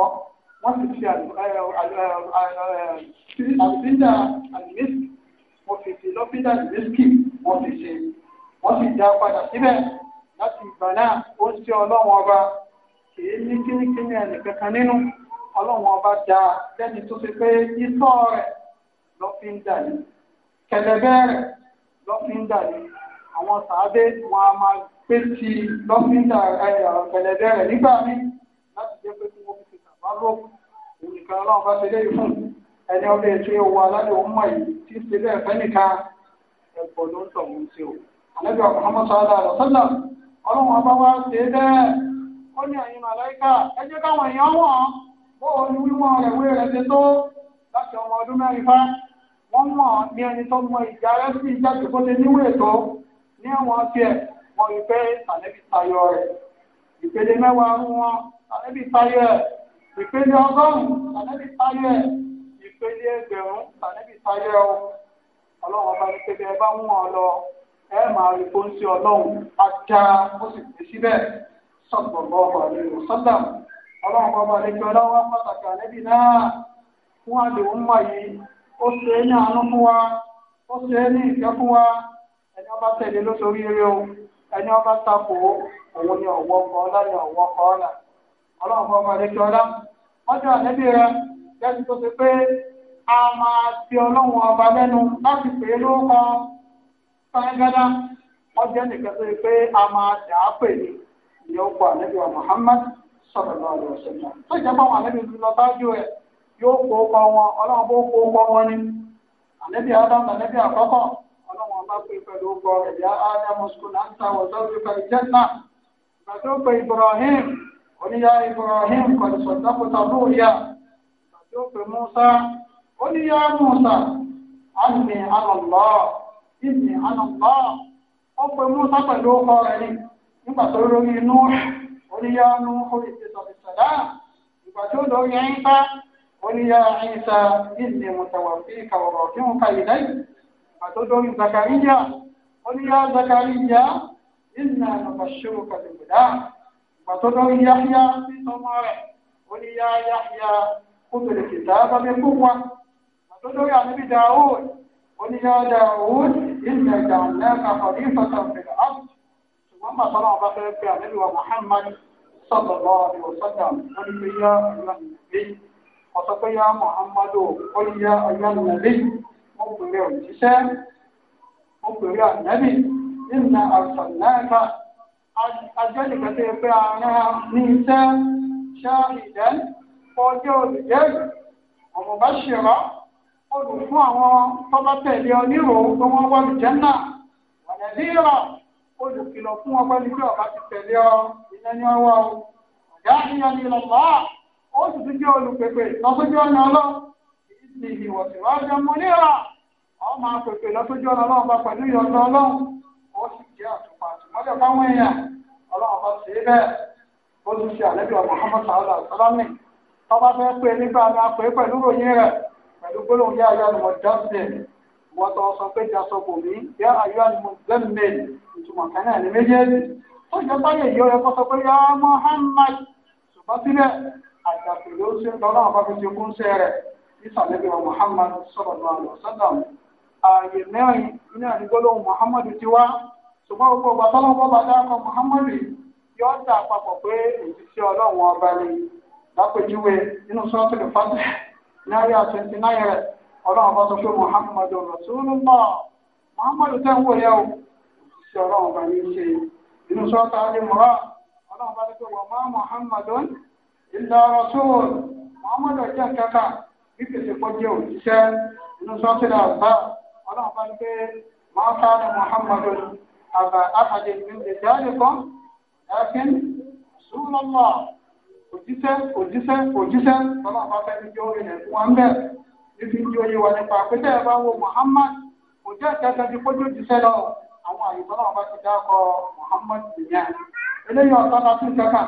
wọ́n sì fi àlùfíńdà àlùmísì wọ́n fi fi lọ́fíńdà àlùmísì wọ́n fi ṣe wọ́n sì já padà síbẹ̀ láti ìgbà náà ó ń ṣe ọlọ́run ọba kìí ní kínníkínní ẹnì kankan nínú ọlọ́run ọba dá lẹ́ni tó fi pé ìtọ́ rẹ̀ lọ́ fi ń dà ní kẹlẹbẹ́ rẹ̀ lọ́ fi ń dà ní àwọn sàádé wọn a máa pé ti lọ́fíńdà kẹlẹbẹ́ rẹ̀ nígbà mí láti jẹ́ pé kí wọ́n fi tàbá rò òǹkan ọlọ́run bá ṣe léyìí fún ẹni ọdún ètò alálẹ̀ òun mọ̀ yìí tí ń ṣe bẹ́ẹ̀ fẹ́ nìkan ẹ̀gbọ́n ló ń tọ̀ wọ́n ṣe òun àlẹ́bí ọ̀pọ̀ ọmọ sọ́ọ́dà rẹ̀ sọ́dà ọlọ́run ọba wa ṣe bẹ́ẹ̀ ó ní ẹ̀yin màláìkà ẹ jẹ́ káwọn èèyàn wọ̀n bó o ní wíwọ́n rẹ̀ wé rẹ̀ ṣe tó láti ọmọ ọdún mẹ́rin fá wọ́n mọ̀ ní ẹni tó mọ ìjà rẹ̀ sí ìjà tó kó lè níwò ètò ní ẹ̀wọ̀n tiẹ̀ wọ́n rí pé àlẹ́bí tayọ rẹ̀ ìpele mẹ́wàá ń wọn àlẹ́bí tayọ ẹ̀ ìpele ọgọ́rùn-ún àlẹ́bí tayọ ẹ̀ ìpele ẹgbẹ̀rún àlẹ́bí tayọ ẹ̀ ọlọ́run ọba ní pé bẹ́ẹ̀ bá ń wọ̀n lọ ẹ máa rí fún sí ọlọ́run ajá ó sì síbẹ̀ pàtàkì àlẹ́bí náà fún àdéhùn mọ̀ yìí ó ṣe é ní àánú fún wa ó ṣe é ní ìfẹ́ fún wa o ẹni ọba òun ni ọ̀wọ́ kọ́ ọ́lá ni ọ̀wọ́ kọ́ ọ́lá ọlọ́run bọ́ba lẹ́jọ́ ọlá ọjọ́ àlẹ́bí rẹ̀ lẹ́nu tó ṣe pé a máa ti ọlọ́run ọba lẹ́nu láti sáyẹ́ngádá wọ́n jẹ́ nìkan tó yẹ pé a máa dà á pè ní ìyọkọ ànábì wa Muhammad sallallahu alaihi wasallam tó jẹ́ pé àwọn ànábì lọ bájú ẹ̀ yóò kó pa wọn ọlọ́run bó kó pa wọn ni ànábì Adam ànábì àkọ́kọ́ ọlọ́run bá pè pẹ̀lú ọgbọ ẹ̀yà Adam ọ̀sùnkùnà ń ta wọ̀sán fífa ìjẹ́nà ìgbà tó pe Ibrahim oníyá Ibrahim kọ̀dùsọ̀dọ́kùtà lóòyà ìgbà tó pe Musa Musa àmì àlọ́lọ́ọ̀ ìsìn ànàmbá ọpẹ musa pẹ̀lú ọkọ rẹ̀ ni nígbà tó lórí inú oníyanu olùsèsọ̀rọ̀sọ̀dá ìgbà tó lórí ẹyin bá oníyà ẹyinsa ìsìn mùtàwàfí kàwọ̀rọ̀ tí wọn kà yìí lẹ́yìn ìgbà tó lórí zakariya oníyà zakariya ìsìn ànàbàṣẹ́wò kàlùkùdá ìgbà tó lórí yáyá sísọmọ rẹ̀ oníyà yáyá kúndùlù kìtà bàbá kúwa ìgbà tó lórí قل يا داود إنا جعلناك خليفة في الأرض ثم صنع بخير في النبي محمد صلى الله عليه وسلم قل يا أيها النبي وصف يا محمد قل يا أيها النبي مقبل الجسام مقبل النبي إنا أرسلناك أجلك تبعنا نيسان شاهدا وجود ومبشرا olù fún àwọn tọ́lá tẹ̀lé onírò pé wọ́n wọ́n jẹ́ náà wọ̀nyẹ̀ fún wọn pẹ́ni pé ọ̀gá ti tẹ̀lé ọ iná ní ọwọ́ o ọ̀gá àníyàn ni lọ́lá ó sì tún jẹ́ olùpèpè lọ́sọ́jú ọ̀nà ọlọ́ ọ máa pèpè lọ́sọ́jú ọ̀nà ọlọ́run pẹ̀lú ìyọ̀nà ó sì jẹ́ fáwọn èèyàn ṣe é bẹ́ẹ̀ ó tún ṣe pẹ̀lú gbólóhùn yá ayé àlùmọ̀ dọ́sìn wọ́n tọ́ sọ pé daṣọ kò mí yá ayé àlùmọ̀ gbẹ́mẹ̀ ìtumọ̀ kan náà ní méjèèjì tó ṣe báyé yìí ó yẹ sọ pé yá Muhammad ṣùgbọ́n síbẹ̀ àjàpè ló ṣe lọ́nà àbáfi ti kún ṣe rẹ̀ nísàlẹ́bí wa Muhammad sallallahu alaihi wasallam ààyè mẹ́rin nínú àdúgbòlóhùn Muhammad ti wá ṣùgbọ́n gbogbo ọgbà tọ́lọ́gbọ́ bá dákọ̀ Muhammad yóò dà papọ̀ pé èyí sí ọlọ́run ọba ni lápèjúwe nínú sọ́ọ́tù náírà twenty nine rẹ̀ ọlọ́run bá sọ pé muhammadu rasulullah muhammadu tẹ́ ń wò yẹ o ṣe ọlọ́run bá ní ṣe inú sọ́ọ́tà alẹ́ mọ́ra ọlọ́run bá ní pé wọ́n má muhammadu illa rasul muhammadu ọjọ́ kẹta bí pèsè kọjá òjíṣẹ́ inú sọ́ọ́tà àgbà ọlọ́run bá ní pé máa ká àgbà àkàdé ìgbìndé jáde kan ẹ̀kín rasulullah òjíṣẹ́ òjíṣẹ́ òjíṣẹ́ tọ́lá bá fẹ́ ní yóò rìnlẹ̀ fún wa ń bẹ̀ níbi tí ó yé wa nípa pé tẹ́ bá wo Muhammad kò jẹ́ ìkẹta ju kójú òjíṣẹ́ lọ àwọn àyùbọ́ náà bá ti dákọ Muhammad nìyẹn eléyìí ọ̀tọ́ ta tún kẹta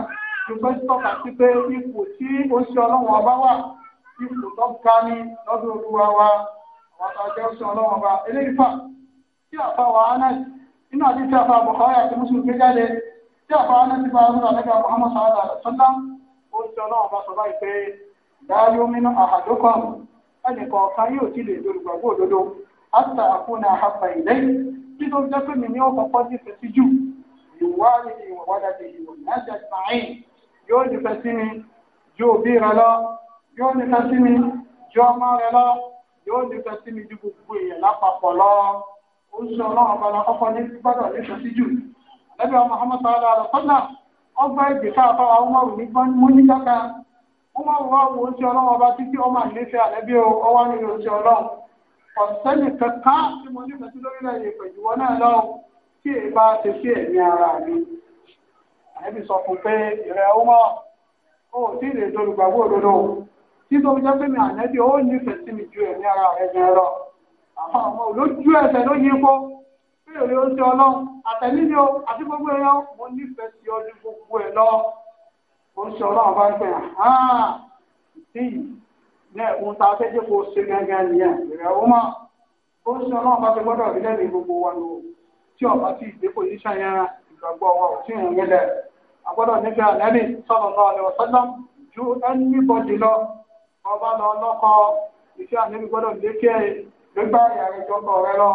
ṣùgbọ́n tọ́ka sí pé ipò tí ó ṣe ọlọ́wọ́n ọba wà ipò tó ga ní lọ́dún olúwa wa àwọn àjọ ṣe ọlọ́wọ́n ọba eléyìí fà tí àfa wa anas nínú àdìsí àfa àbùkọ́ Muhammad sallallahu alaihi ó sọ náà bá sọ báyìí pé dáyọ́ mínú àhàdókọ̀ ẹnìkan kan yóò ti lè lo ìgbàgbọ́ òdodo àtà àkúnà àhàpà ilé nítorí jẹ́ pé mi ní ọkọ̀ pọ́jú fẹ́sí jù ìwádìí ni ìwọ̀wádà ti yìí wọ̀nyí láti àtìmáyìn yóò ní fẹ́ sí mi ju òbí rẹ lọ yóò ní fẹ́ sí mi ju ọmọ rẹ lọ yóò ní fẹ́ sí mi ju gbogbo èèyàn lápapọ̀ lọ ó náà bá lọ ní gbọ́dọ̀ ní fẹ́sí jù lẹ́bí ọmọ Muhammad sallallahu alaihi ọgbà ìgbèká àfáwà ọmọrù ní mọ́níkàkà ọmọrù wà wò ó sí ọlọ́run ọba títí ọmọ àlefẹ́ àlẹ́bí o ọwá nínú oṣù ọlọ́run ọ̀sẹ́ni kẹta tí mo nífẹ̀ẹ́ sí lórílẹ̀ èdè pẹ̀lú wọn náà lọ kí èyí bá ṣe sí ẹ̀mí ara mi àlẹ́bí sọ fún pé ìrẹ̀ ọmọ ò tí ì lè dolùgbàgbọ́ òdodo títọ́ fi jẹ́ pé mi àlẹ́bí ó nífẹ̀ẹ́ sí mi ju ẹ̀mí ara rẹ̀ gan lọ àwọn ọmọ olójú ẹsẹ̀ ló yí kó pé èrè oúnjẹ ọlọ àtẹ̀mílẹ̀ àti gbogbo ẹ̀yọ́ mo nífẹ̀ẹ́ sí ọdún gbogbo ẹ̀ lọ oúnjẹ ọlọ́run bá ń pè sí yìí ní ẹ̀kún tá a fẹ́ jẹ́ kó o ṣe gángan nìyẹn ìrẹ̀ ó mọ̀ oúnjẹ ọlọ́run bá ti gbọ́dọ̀ rí lẹ́nu gbogbo wa lò tí ọba ti ìdẹ́kọ̀ yìí ṣàyẹn ìgbàgbọ́ wa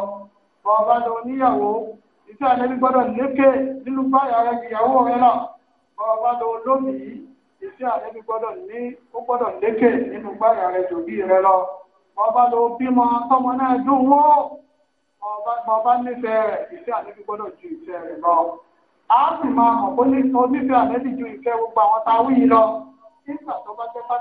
ò bọ́ọ̀bá lọ níyàwó iṣẹ́ àlẹ́bí gbọ́dọ̀ lékè nínú báyà rẹ ìyàwó rẹ náà bọ́ọ̀bá lọ lónìí iṣẹ́ àlẹ́bí gbọ́dọ̀ ní ó gbọ́dọ̀ lékè nínú báyà rẹ jòbí rẹ lọ bọ́ọ̀bá lọ bímọ tọmọ náà dùn wọ́ bọ́ọ̀bá nífẹ̀ẹ́ rẹ iṣẹ́ àlẹ́bí gbọ́dọ̀ ju ìfẹ́ rẹ lọ. a sì máa mọ̀ bó ní sọ nífẹ̀ẹ́ àlẹ́bí ju ìfẹ́ gbogbo àwọn táwí yìí lọ nígbà tó bá jẹ́ bá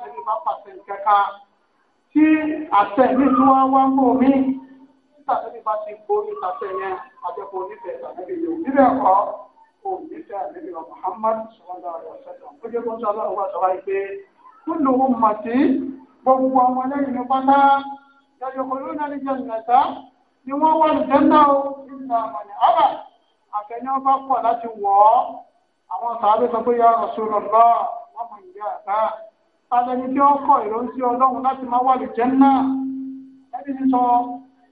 tàbí bá ti borí ìtàṣẹ yẹn àjẹpọ̀ onífẹ̀ẹ́ tàbí yòó níbẹ̀ kọ́ onífẹ̀ẹ́ àbíbí wa Muhammad sọlá ọ̀sẹ̀tàn ó jẹ́ kó ń sọ aláwọ̀ wá sọ́wọ́ pé kúlù ummati gbogbo ọmọ lẹ́yìn ní pátá yọjọ́ kò lóun náà ní jannata ni wọ́n wà lùdẹ́nà o nígbà àmàlẹ́ àbà àfẹ́ni ọba pọ̀ láti wọ̀ ọ́ àwọn sàábẹ́ sọ pé ya Rasulullah wọ́n mọ̀ ìyá àká alẹ́ni tí ó kọ̀ ìrọ́nsí ọlọ́run láti má wà lùjẹ́ náà ẹni sísọ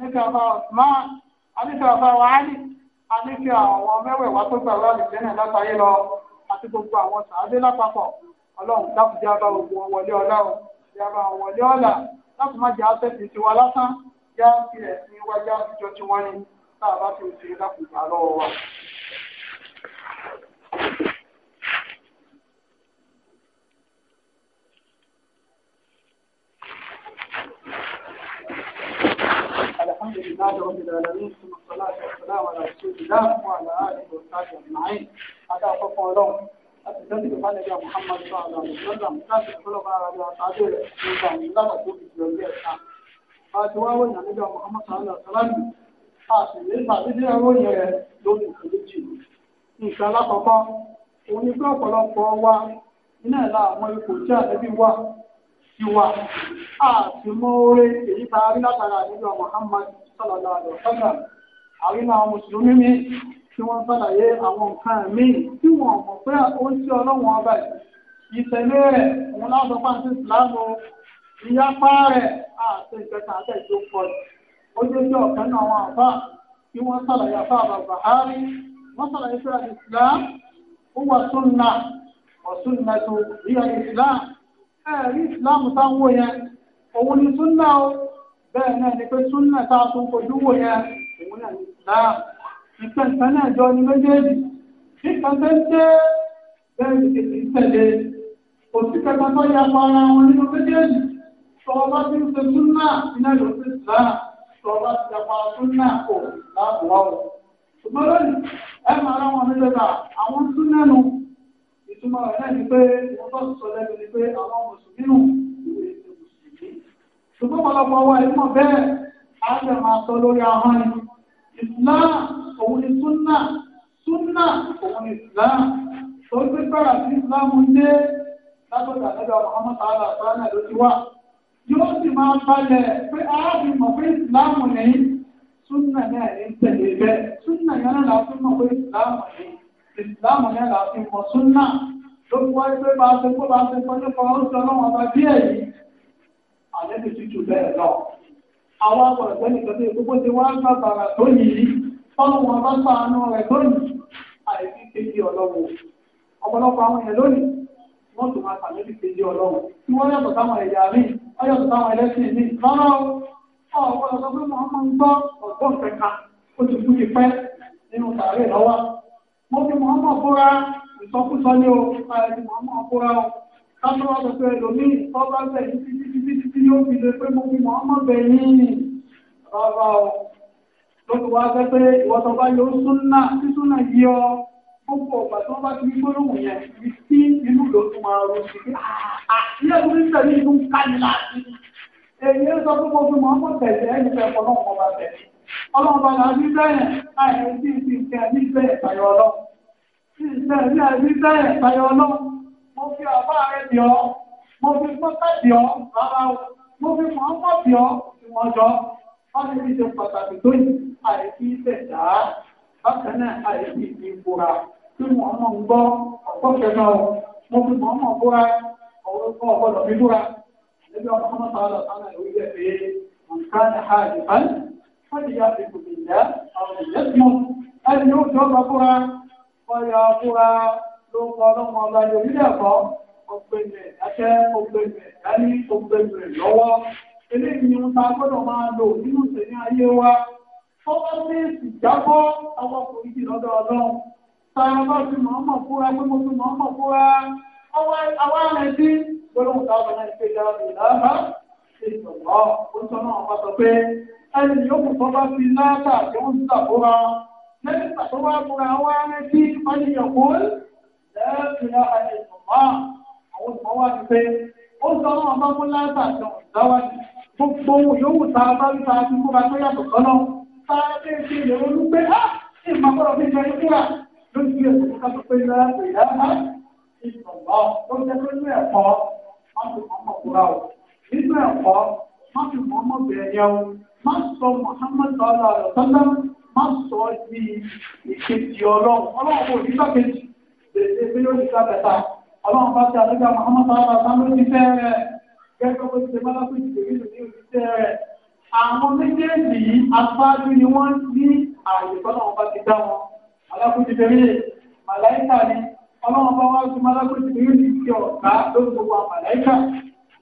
àníkẹ́ ọba Usman àníkẹ́ ọba wàhálì àníkẹ́ àwọn mẹ́wẹ̀ẹ̀wá tó gbà wá lìjẹ́nà látàyè lọ àti gbogbo àwọn sàádé lápapọ̀ ọlọ́run dákúnjá bá gbogbo wọn wọlé ọlá o ìyá bá wọn wọlé ọlá lákùn má jẹ́ àtẹ̀sí tiwa lásán yá fi ẹ̀sìn wájú àtijọ́ tiwọn ni tá a bá fi òṣèré lákùnjá lọ́wọ́ wa. لله رب العالمين ثم الصلاة والسلام على رسول الله وعلى آله وصحبه أجمعين هذا هو قولهم أتسلم بفعل يا محمد صلى الله عليه وسلم كافي كل ما رأى قادر يوزان لا تكون في الجنة فاتواو النبي محمد صلى الله عليه وسلم àti nípa títí ẹ̀rọ yẹn lórí ìkòlójì nǹkan alákọ̀ọ́kọ́ òun ni pé ọ̀pọ̀lọpọ̀ wa iná ẹ̀ la àwọn ipò tí àtẹ́bí wà tiwa àti mọ́ọ́rẹ́ èyí tá a rí látara àdúgbò Muhammad sallallahu alaihi wa sallam àrínà àwọn mùsùlùmí mi tí wọ́n sàlàyé àwọn nǹkan míì tí wọ́n mọ̀ pé ó ń ṣe ọlọ́run ọba ìtẹ̀lé rẹ̀ òun láti pàṣẹ ìsìlámù ìyapa rẹ̀ àti ìkẹta àtẹ̀jú pọ̀ ó jẹ́ kí ọ̀kan náà wọn àbá tí wọ́n sàlàyé àbá bàbá hárí wọ́n sàlàyé fẹ́ àdìsílám ó wà sunna ọ̀sùn nàtò ìyá ìsìlámù. ẹ̀rí ìsìláàmù táwọn yẹn òun ni súnà o bẹ́ẹ̀ náà ni pé súnà tá a tún na wò yẹn òun náà ni islam nípa náà jọ ni méjèèjì nípa tó ń bẹ́ẹ̀ ni kìkì tẹ̀lé òsì kẹta tó yẹ apá ara wọn nínú méjèèjì bá o ṣùgbọ́n lónìí máa wọn àwọn ìtumọ̀ rẹ̀ náà ni pé wọ́n tó sọ lẹ́nu ni pé àwọn mùsùlùmí nù ìwé ètò mùsùlùmí. ṣùgbọ́n ọ̀pọ̀lọpọ̀ wa ìmọ̀ bẹ́ẹ̀ á jẹ́ máa sọ lórí ahọ́n ni. ìsìláà òun ni súnà súnà òun ni ìsìláà. torí pé gbára sí ìsìláàmù dé látọ̀dà lẹ́dọ̀ ọmọ tààlà sọ́nà ló ti wà. yóò sì máa balẹ̀ pé arábì mọ̀ pé ìsìláàmù ní súnà náà ní tẹ̀lé bẹ́ẹ̀ súnà yẹn ìsìláàmù náà là fi mọ̀ súnà ló fi wáyé pé bá a ṣe kó bá a ṣe kọ́ nípa oúnjẹ ọlọ́run ọba díẹ̀ yìí àlejò tútù bẹ́ẹ̀ lọ. àwọn akọ̀rọ̀ sẹ́ni kan tó yẹ gbogbo ti wá gbà bàrà tó yìí fọ́nù wọn bá sàánú rẹ̀ lónìí àìsí kejì ọlọ́run ọ̀pọ̀lọpọ̀ àwọn èèyàn lónìí wọ́n tún máa sàlẹ́bí kejì ọlọ́run tí wọ́n yàtọ̀ táwọn ẹ̀yà mi wọ́n yàtọ̀ táwọn ẹlẹ́sìn mi lọ́nà o ọ̀pọ̀lọpọ̀ pé mo fi Muhammad búra ìsọkúsọ ní o àìsí Muhammad búra o káṣọ wà pẹ̀lú ẹlòmíì ọba bẹ̀ títí títí títí yóò fi lè pé mo fi Muhammad bẹ̀ yín rárá o lóṣù wa fẹ́ pé ìwọ́sọ̀ bá yọ súnà tí súnà yí ọ gbogbo ọ̀gbà tí wọ́n bá ti ní gbólóhùn yẹn ibi tí inú ló tún máa ro sí pé àìyé ah, ah, tó ń tẹ̀lé ìlú ń ká láti èyí ń sọ pé mo fi Muhammad bẹ̀ tẹ̀ ẹ́ ọlọ́run náà níbẹ̀rẹ̀ láìpẹ́ sí ti ìfẹ́ níbẹ̀rẹ̀ tayọ ọlọ́run sí ìfẹ́ níbẹ̀rẹ̀ tayọ ọlọ́run mo fi àbá rẹ̀ dì ọ́ mo fi pọ́tà dì ọ́ rárá o mo fi mọ̀ ọ́n pọ̀ dì ọ́ ìwọ̀n jọ wọ́n ti fi ṣe pàtàkì tó yìí àìsí ìṣẹ̀dá bákan náà àìsí ìbúra tí mo mọ̀ ń gbọ́ ọ̀pọ̀ kẹta o mo fi mọ̀ ọ́n búra ọ̀rọ̀ ọ̀gbọ́dọ̀ búra ẹgbẹ́ ọmọ ọmọ sáà lọ sáà wọ́n yà fi kùtù ìjà àwọn ìjẹ́ tí wọ́n ẹni yóò tó ọkọ̀ fúra wọ́n yà fúra ló ń kọ́ ọlọ́mọ ọba yorì lẹ́kọ́ ọgbẹ́mẹ̀ àṣẹ ọgbẹ́mẹ̀ dání ọgbẹ́mẹ̀ lọ́wọ́ eléyìí ni wọn ta gbọ́dọ̀ máa lò nínú ìṣẹ̀ní ayé wa fọwọ́ sí ìjábọ́ àwọn ọkùnrin jì lọ́dọ̀ ọlọ́run sáyẹn bá ìtọ̀gbọ́ ó sọ náà wọ́n sọ pé ẹni yòókù tó bá fi náàtà tó ń sàbúra lẹ́yìn tó wá búra wá retí ọ̀nìyànkó lẹ́ẹ̀kìlá àdìsọ̀mọ́ àwọn ìmọ̀ wá ti pé ó sọ náà bá mú náàtà tó ń dáwájú gbogbo yòówù tá bá ń ta ti múra tó yàtọ̀ sọ́nà tá a lè fi lè ronú pé á ní ìmọ̀kọ́rọ̀ fi jẹ ìkúra lójú ètò tó ká tó pé lẹ́ẹ̀kìlá àdìsọ̀mọ́ ló jẹ́ pé ní ẹ̀kọ́ má nínú ẹ̀kọ́ má fi mọ́mọ́bìnrin yẹn o má sọ Muhammad ọlọ́ rẹ̀ tọ́lá má sọ ní ìkejì ọlọ́run ọlọ́run kò ní sọ́kejì lèdè bí yóò ní sábẹ̀ta ọlọ́run bá ti àdúgbà Muhammad ọlọ́ rẹ̀ tọ́lá ní fẹ́ rẹ̀ gẹ́gẹ́ bó ti ṣe bá lọ́kùn ìdèmí lò ní òṣìṣẹ́ rẹ̀ àwọn méjèèjì yìí apáájú ni wọ́n ní ààyè tọ́lọ́run bá ti dá wọn alákùn ìdèmí màláìkà ni ọlọ́run bá wá sí malákùn ìdèmí ti ọ̀gá lórí gbogbo àmàláìkà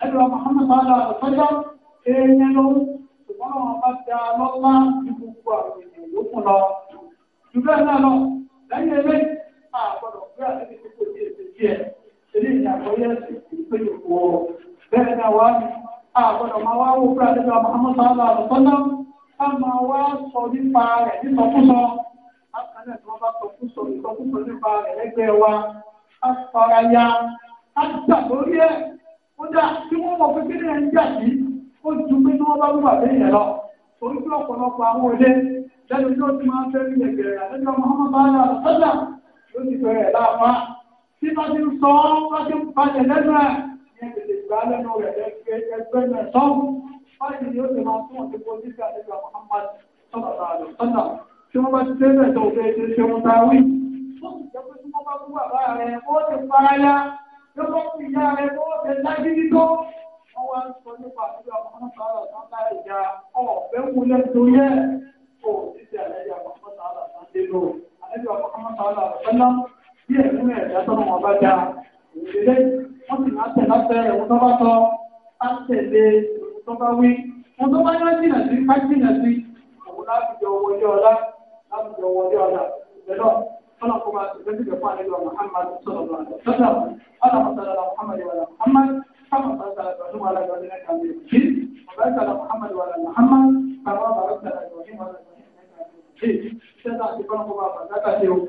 ẹ̀rọ Muhammad sallallahu alaihi e èèyàn ló ṣùgbọ́n àwọn bá da lọ́lá ní gbogbo àwọn èèyàn yòókù lọ. ṣùgbọ́n náà lọ lẹ́yìn eré àgbọ̀dọ̀ gbé àlejò tó kò ní èsì díẹ̀ eré ìyá àgbọ̀yé ìpè bẹ́ẹ̀ náà wá ní àgbọ̀dọ̀ máa wá ká máa wá sọ nípa rẹ̀ kódà tí wọ́n mọ̀ pé kí ni ẹ̀ ń jà sí ó ju pé tí wọ́n bá wúwà bẹ́ẹ̀ yẹn lọ torí pé ọ̀pọ̀lọpọ̀ àwọn olè lẹ́nu tí ó ti máa fẹ́ rí ẹgbẹ̀rẹ̀ àtẹ́jọ́ Muhammad bala sọ́jà ló ti bẹ̀rẹ̀ láàpá tí bá ti ń sọ ọ́ bá ti ń palẹ̀ lẹ́nu ẹ̀ ní ẹgbẹ̀rẹ̀ ìgbà lẹ́nu rẹ̀ ẹgbẹ́ rẹ̀ sọ́ọ̀bù báyìí ni ó ti máa fún ọ̀dẹ́gbọ́ títí àtẹ́jọ́ Muhammad sọ́jà tí wọ́n bá ti tẹ́lẹ̀ tó fẹ́ẹ́ ṣe ṣe wọn táwí. ó sì jẹ́ pé tí wọ́n bá lọ́kọ́ fún ìyá rẹ̀ tó wọ́n fẹ́ lájú nítọ́. wọ́n wá ń sọ nípa àti ọmọ náà sọ̀rọ̀ sọ́ńdá ìjà ọ̀ọ́fẹ́ wúlẹ̀ tó yẹ kó ti ṣe àlẹ́ ọmọ sọ̀rọ̀ sọ́ńdé lò àlẹ́ ọmọ náà sọ̀rọ̀ sọ́ńdá bí ẹ̀sìn ẹ̀dá tọ́nà wọ́n sì máa tẹ̀lé ẹ̀wọ̀n tó bá sọ á tẹ̀lé ẹ̀wọ̀n tó bá wí wọ́n tó bá yọ jìnà sí ká jìnà sí òun láti jọ wọlé ọ̀la láti jọ wọlé ọ̀la ìgbẹ́ náà. فلن قبعة الذي يقال إلى محمد صلى الله عليه وسلم اللهم صل على محمد وعلى محمد كما صليت على إبراهيم وعلى آل إبراهيم إنك حميد مجيد وبارك على محمد وعلى آل محمد كما باركت على إبراهيم وعلى آل إبراهيم إنك حميد مجيد.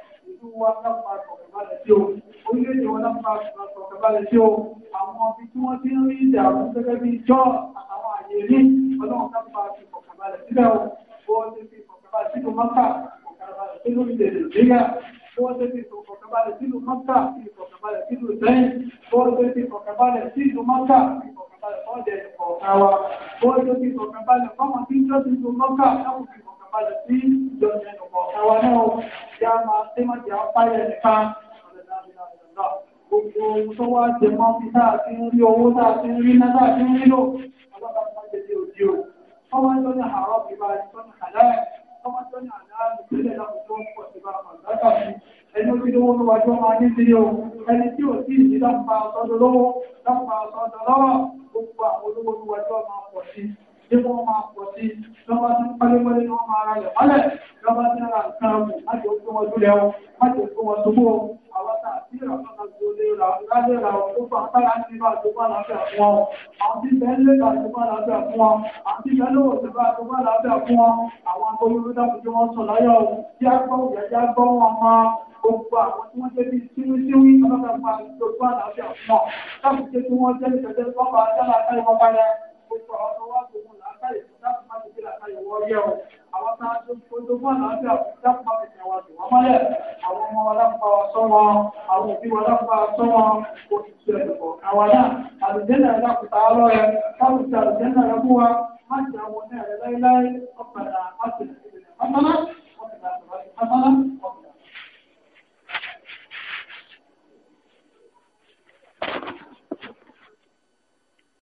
ìlú wa lápá sọ̀kànbalẹ̀ sí o orílẹ̀-èdè wa lápá sọ̀kànbalẹ̀ sí o àwọn ibi tí wọ́n ti ń rí ìdààmú gẹ́gẹ́ bí jọ́ àtàwọn àyè ní ọlọ́run lápá sọ̀kànbalẹ̀ síbẹ̀ o wọ́n ti fi sọ̀kànbalẹ̀ sínú mọ́tà sọ̀kànbalẹ̀ sínú ìdèdè nígbà wọ́n ti fi sọ̀kànbalẹ̀ sínú mọ́tà sọ̀kànbalẹ̀ sínú ìsẹ́yìn wọ́n ti fi sọ̀kànbalẹ̀ sínú mọ́tà sọ̀kànbalẹ̀ fọ́ọ̀dẹ̀ ìkọ̀ọ̀kan wa wọ́n ti fi sọ̀kànbalẹ̀ fọ́ọ̀mọ̀ tí ń tọ́jú ìlú mọ́tà láwùjọ ìkọ̀ọ̀kan balẹ̀ sí páyà gbogbo tó wá jẹ mọ́ bí tá a ń rí owó tá a ń rí náà tá a ń rí lò ọlọ́dà tó ní ọmọ ní sí bá ẹni tí lówó tí ìdí lápá ọ̀sọ́dọ̀ lápá ọ̀sọ́dọ̀ gbogbo àwọn olówó ló wájú ọmọ pọ̀ sí tí wọ́n máa pọ̀ sí lọ́wọ́ tí pálímọ́lé ni wọ́n máa ra yẹ̀ mọ́lẹ̀ lọ́wọ́ tí ara nǹkan mù má jẹ́ kí wọ́n dúlẹ̀ wọn má jẹ́ kí wọ́n tóbó àwọn tá àti ìrànlọ́nà tó lè ra lálẹ́ ra wọn tó fà tára sí bá tó bá láfẹ́ fún wọn àwọn tí bẹ́ẹ̀ lè bá tó bá láfẹ́ fún wọn àwọn tí bẹ́ẹ̀ lọ́wọ́ tó bá tó bá láfẹ́ fún wọn àwọn agbóyúrú dàpọ̀ tí wọ́n sọ láyọ̀ tí a gbọ́ òyà tí a gbọ́ wọn máa gbogbo àwọn tí wọ́n jẹ́ bí síwísíwí ọlọ́dàgbà tó bá láfẹ́ fún wọn láti jẹ́ kí wọ́n jẹ́ ìfẹ́jẹ́ tó bá dára káyọ̀ wọn gbogbo àwọn tó wá gbogbo làákàyè dákun má ti gbé làákàyè wọ yẹ o àwọn tá a tó gbogbo fún àlàáfíà dákun má ti tẹ̀ wá sí wọn mọ́lẹ̀ àwọn ọmọ wa lápá wa sọ wọn àwọn òbí wa lápá wa sọ wọn kò sì ṣe ẹ̀dùnkọ̀ àwa náà àlùjẹ́nà lákùtà lọ́rẹ̀ lákùtà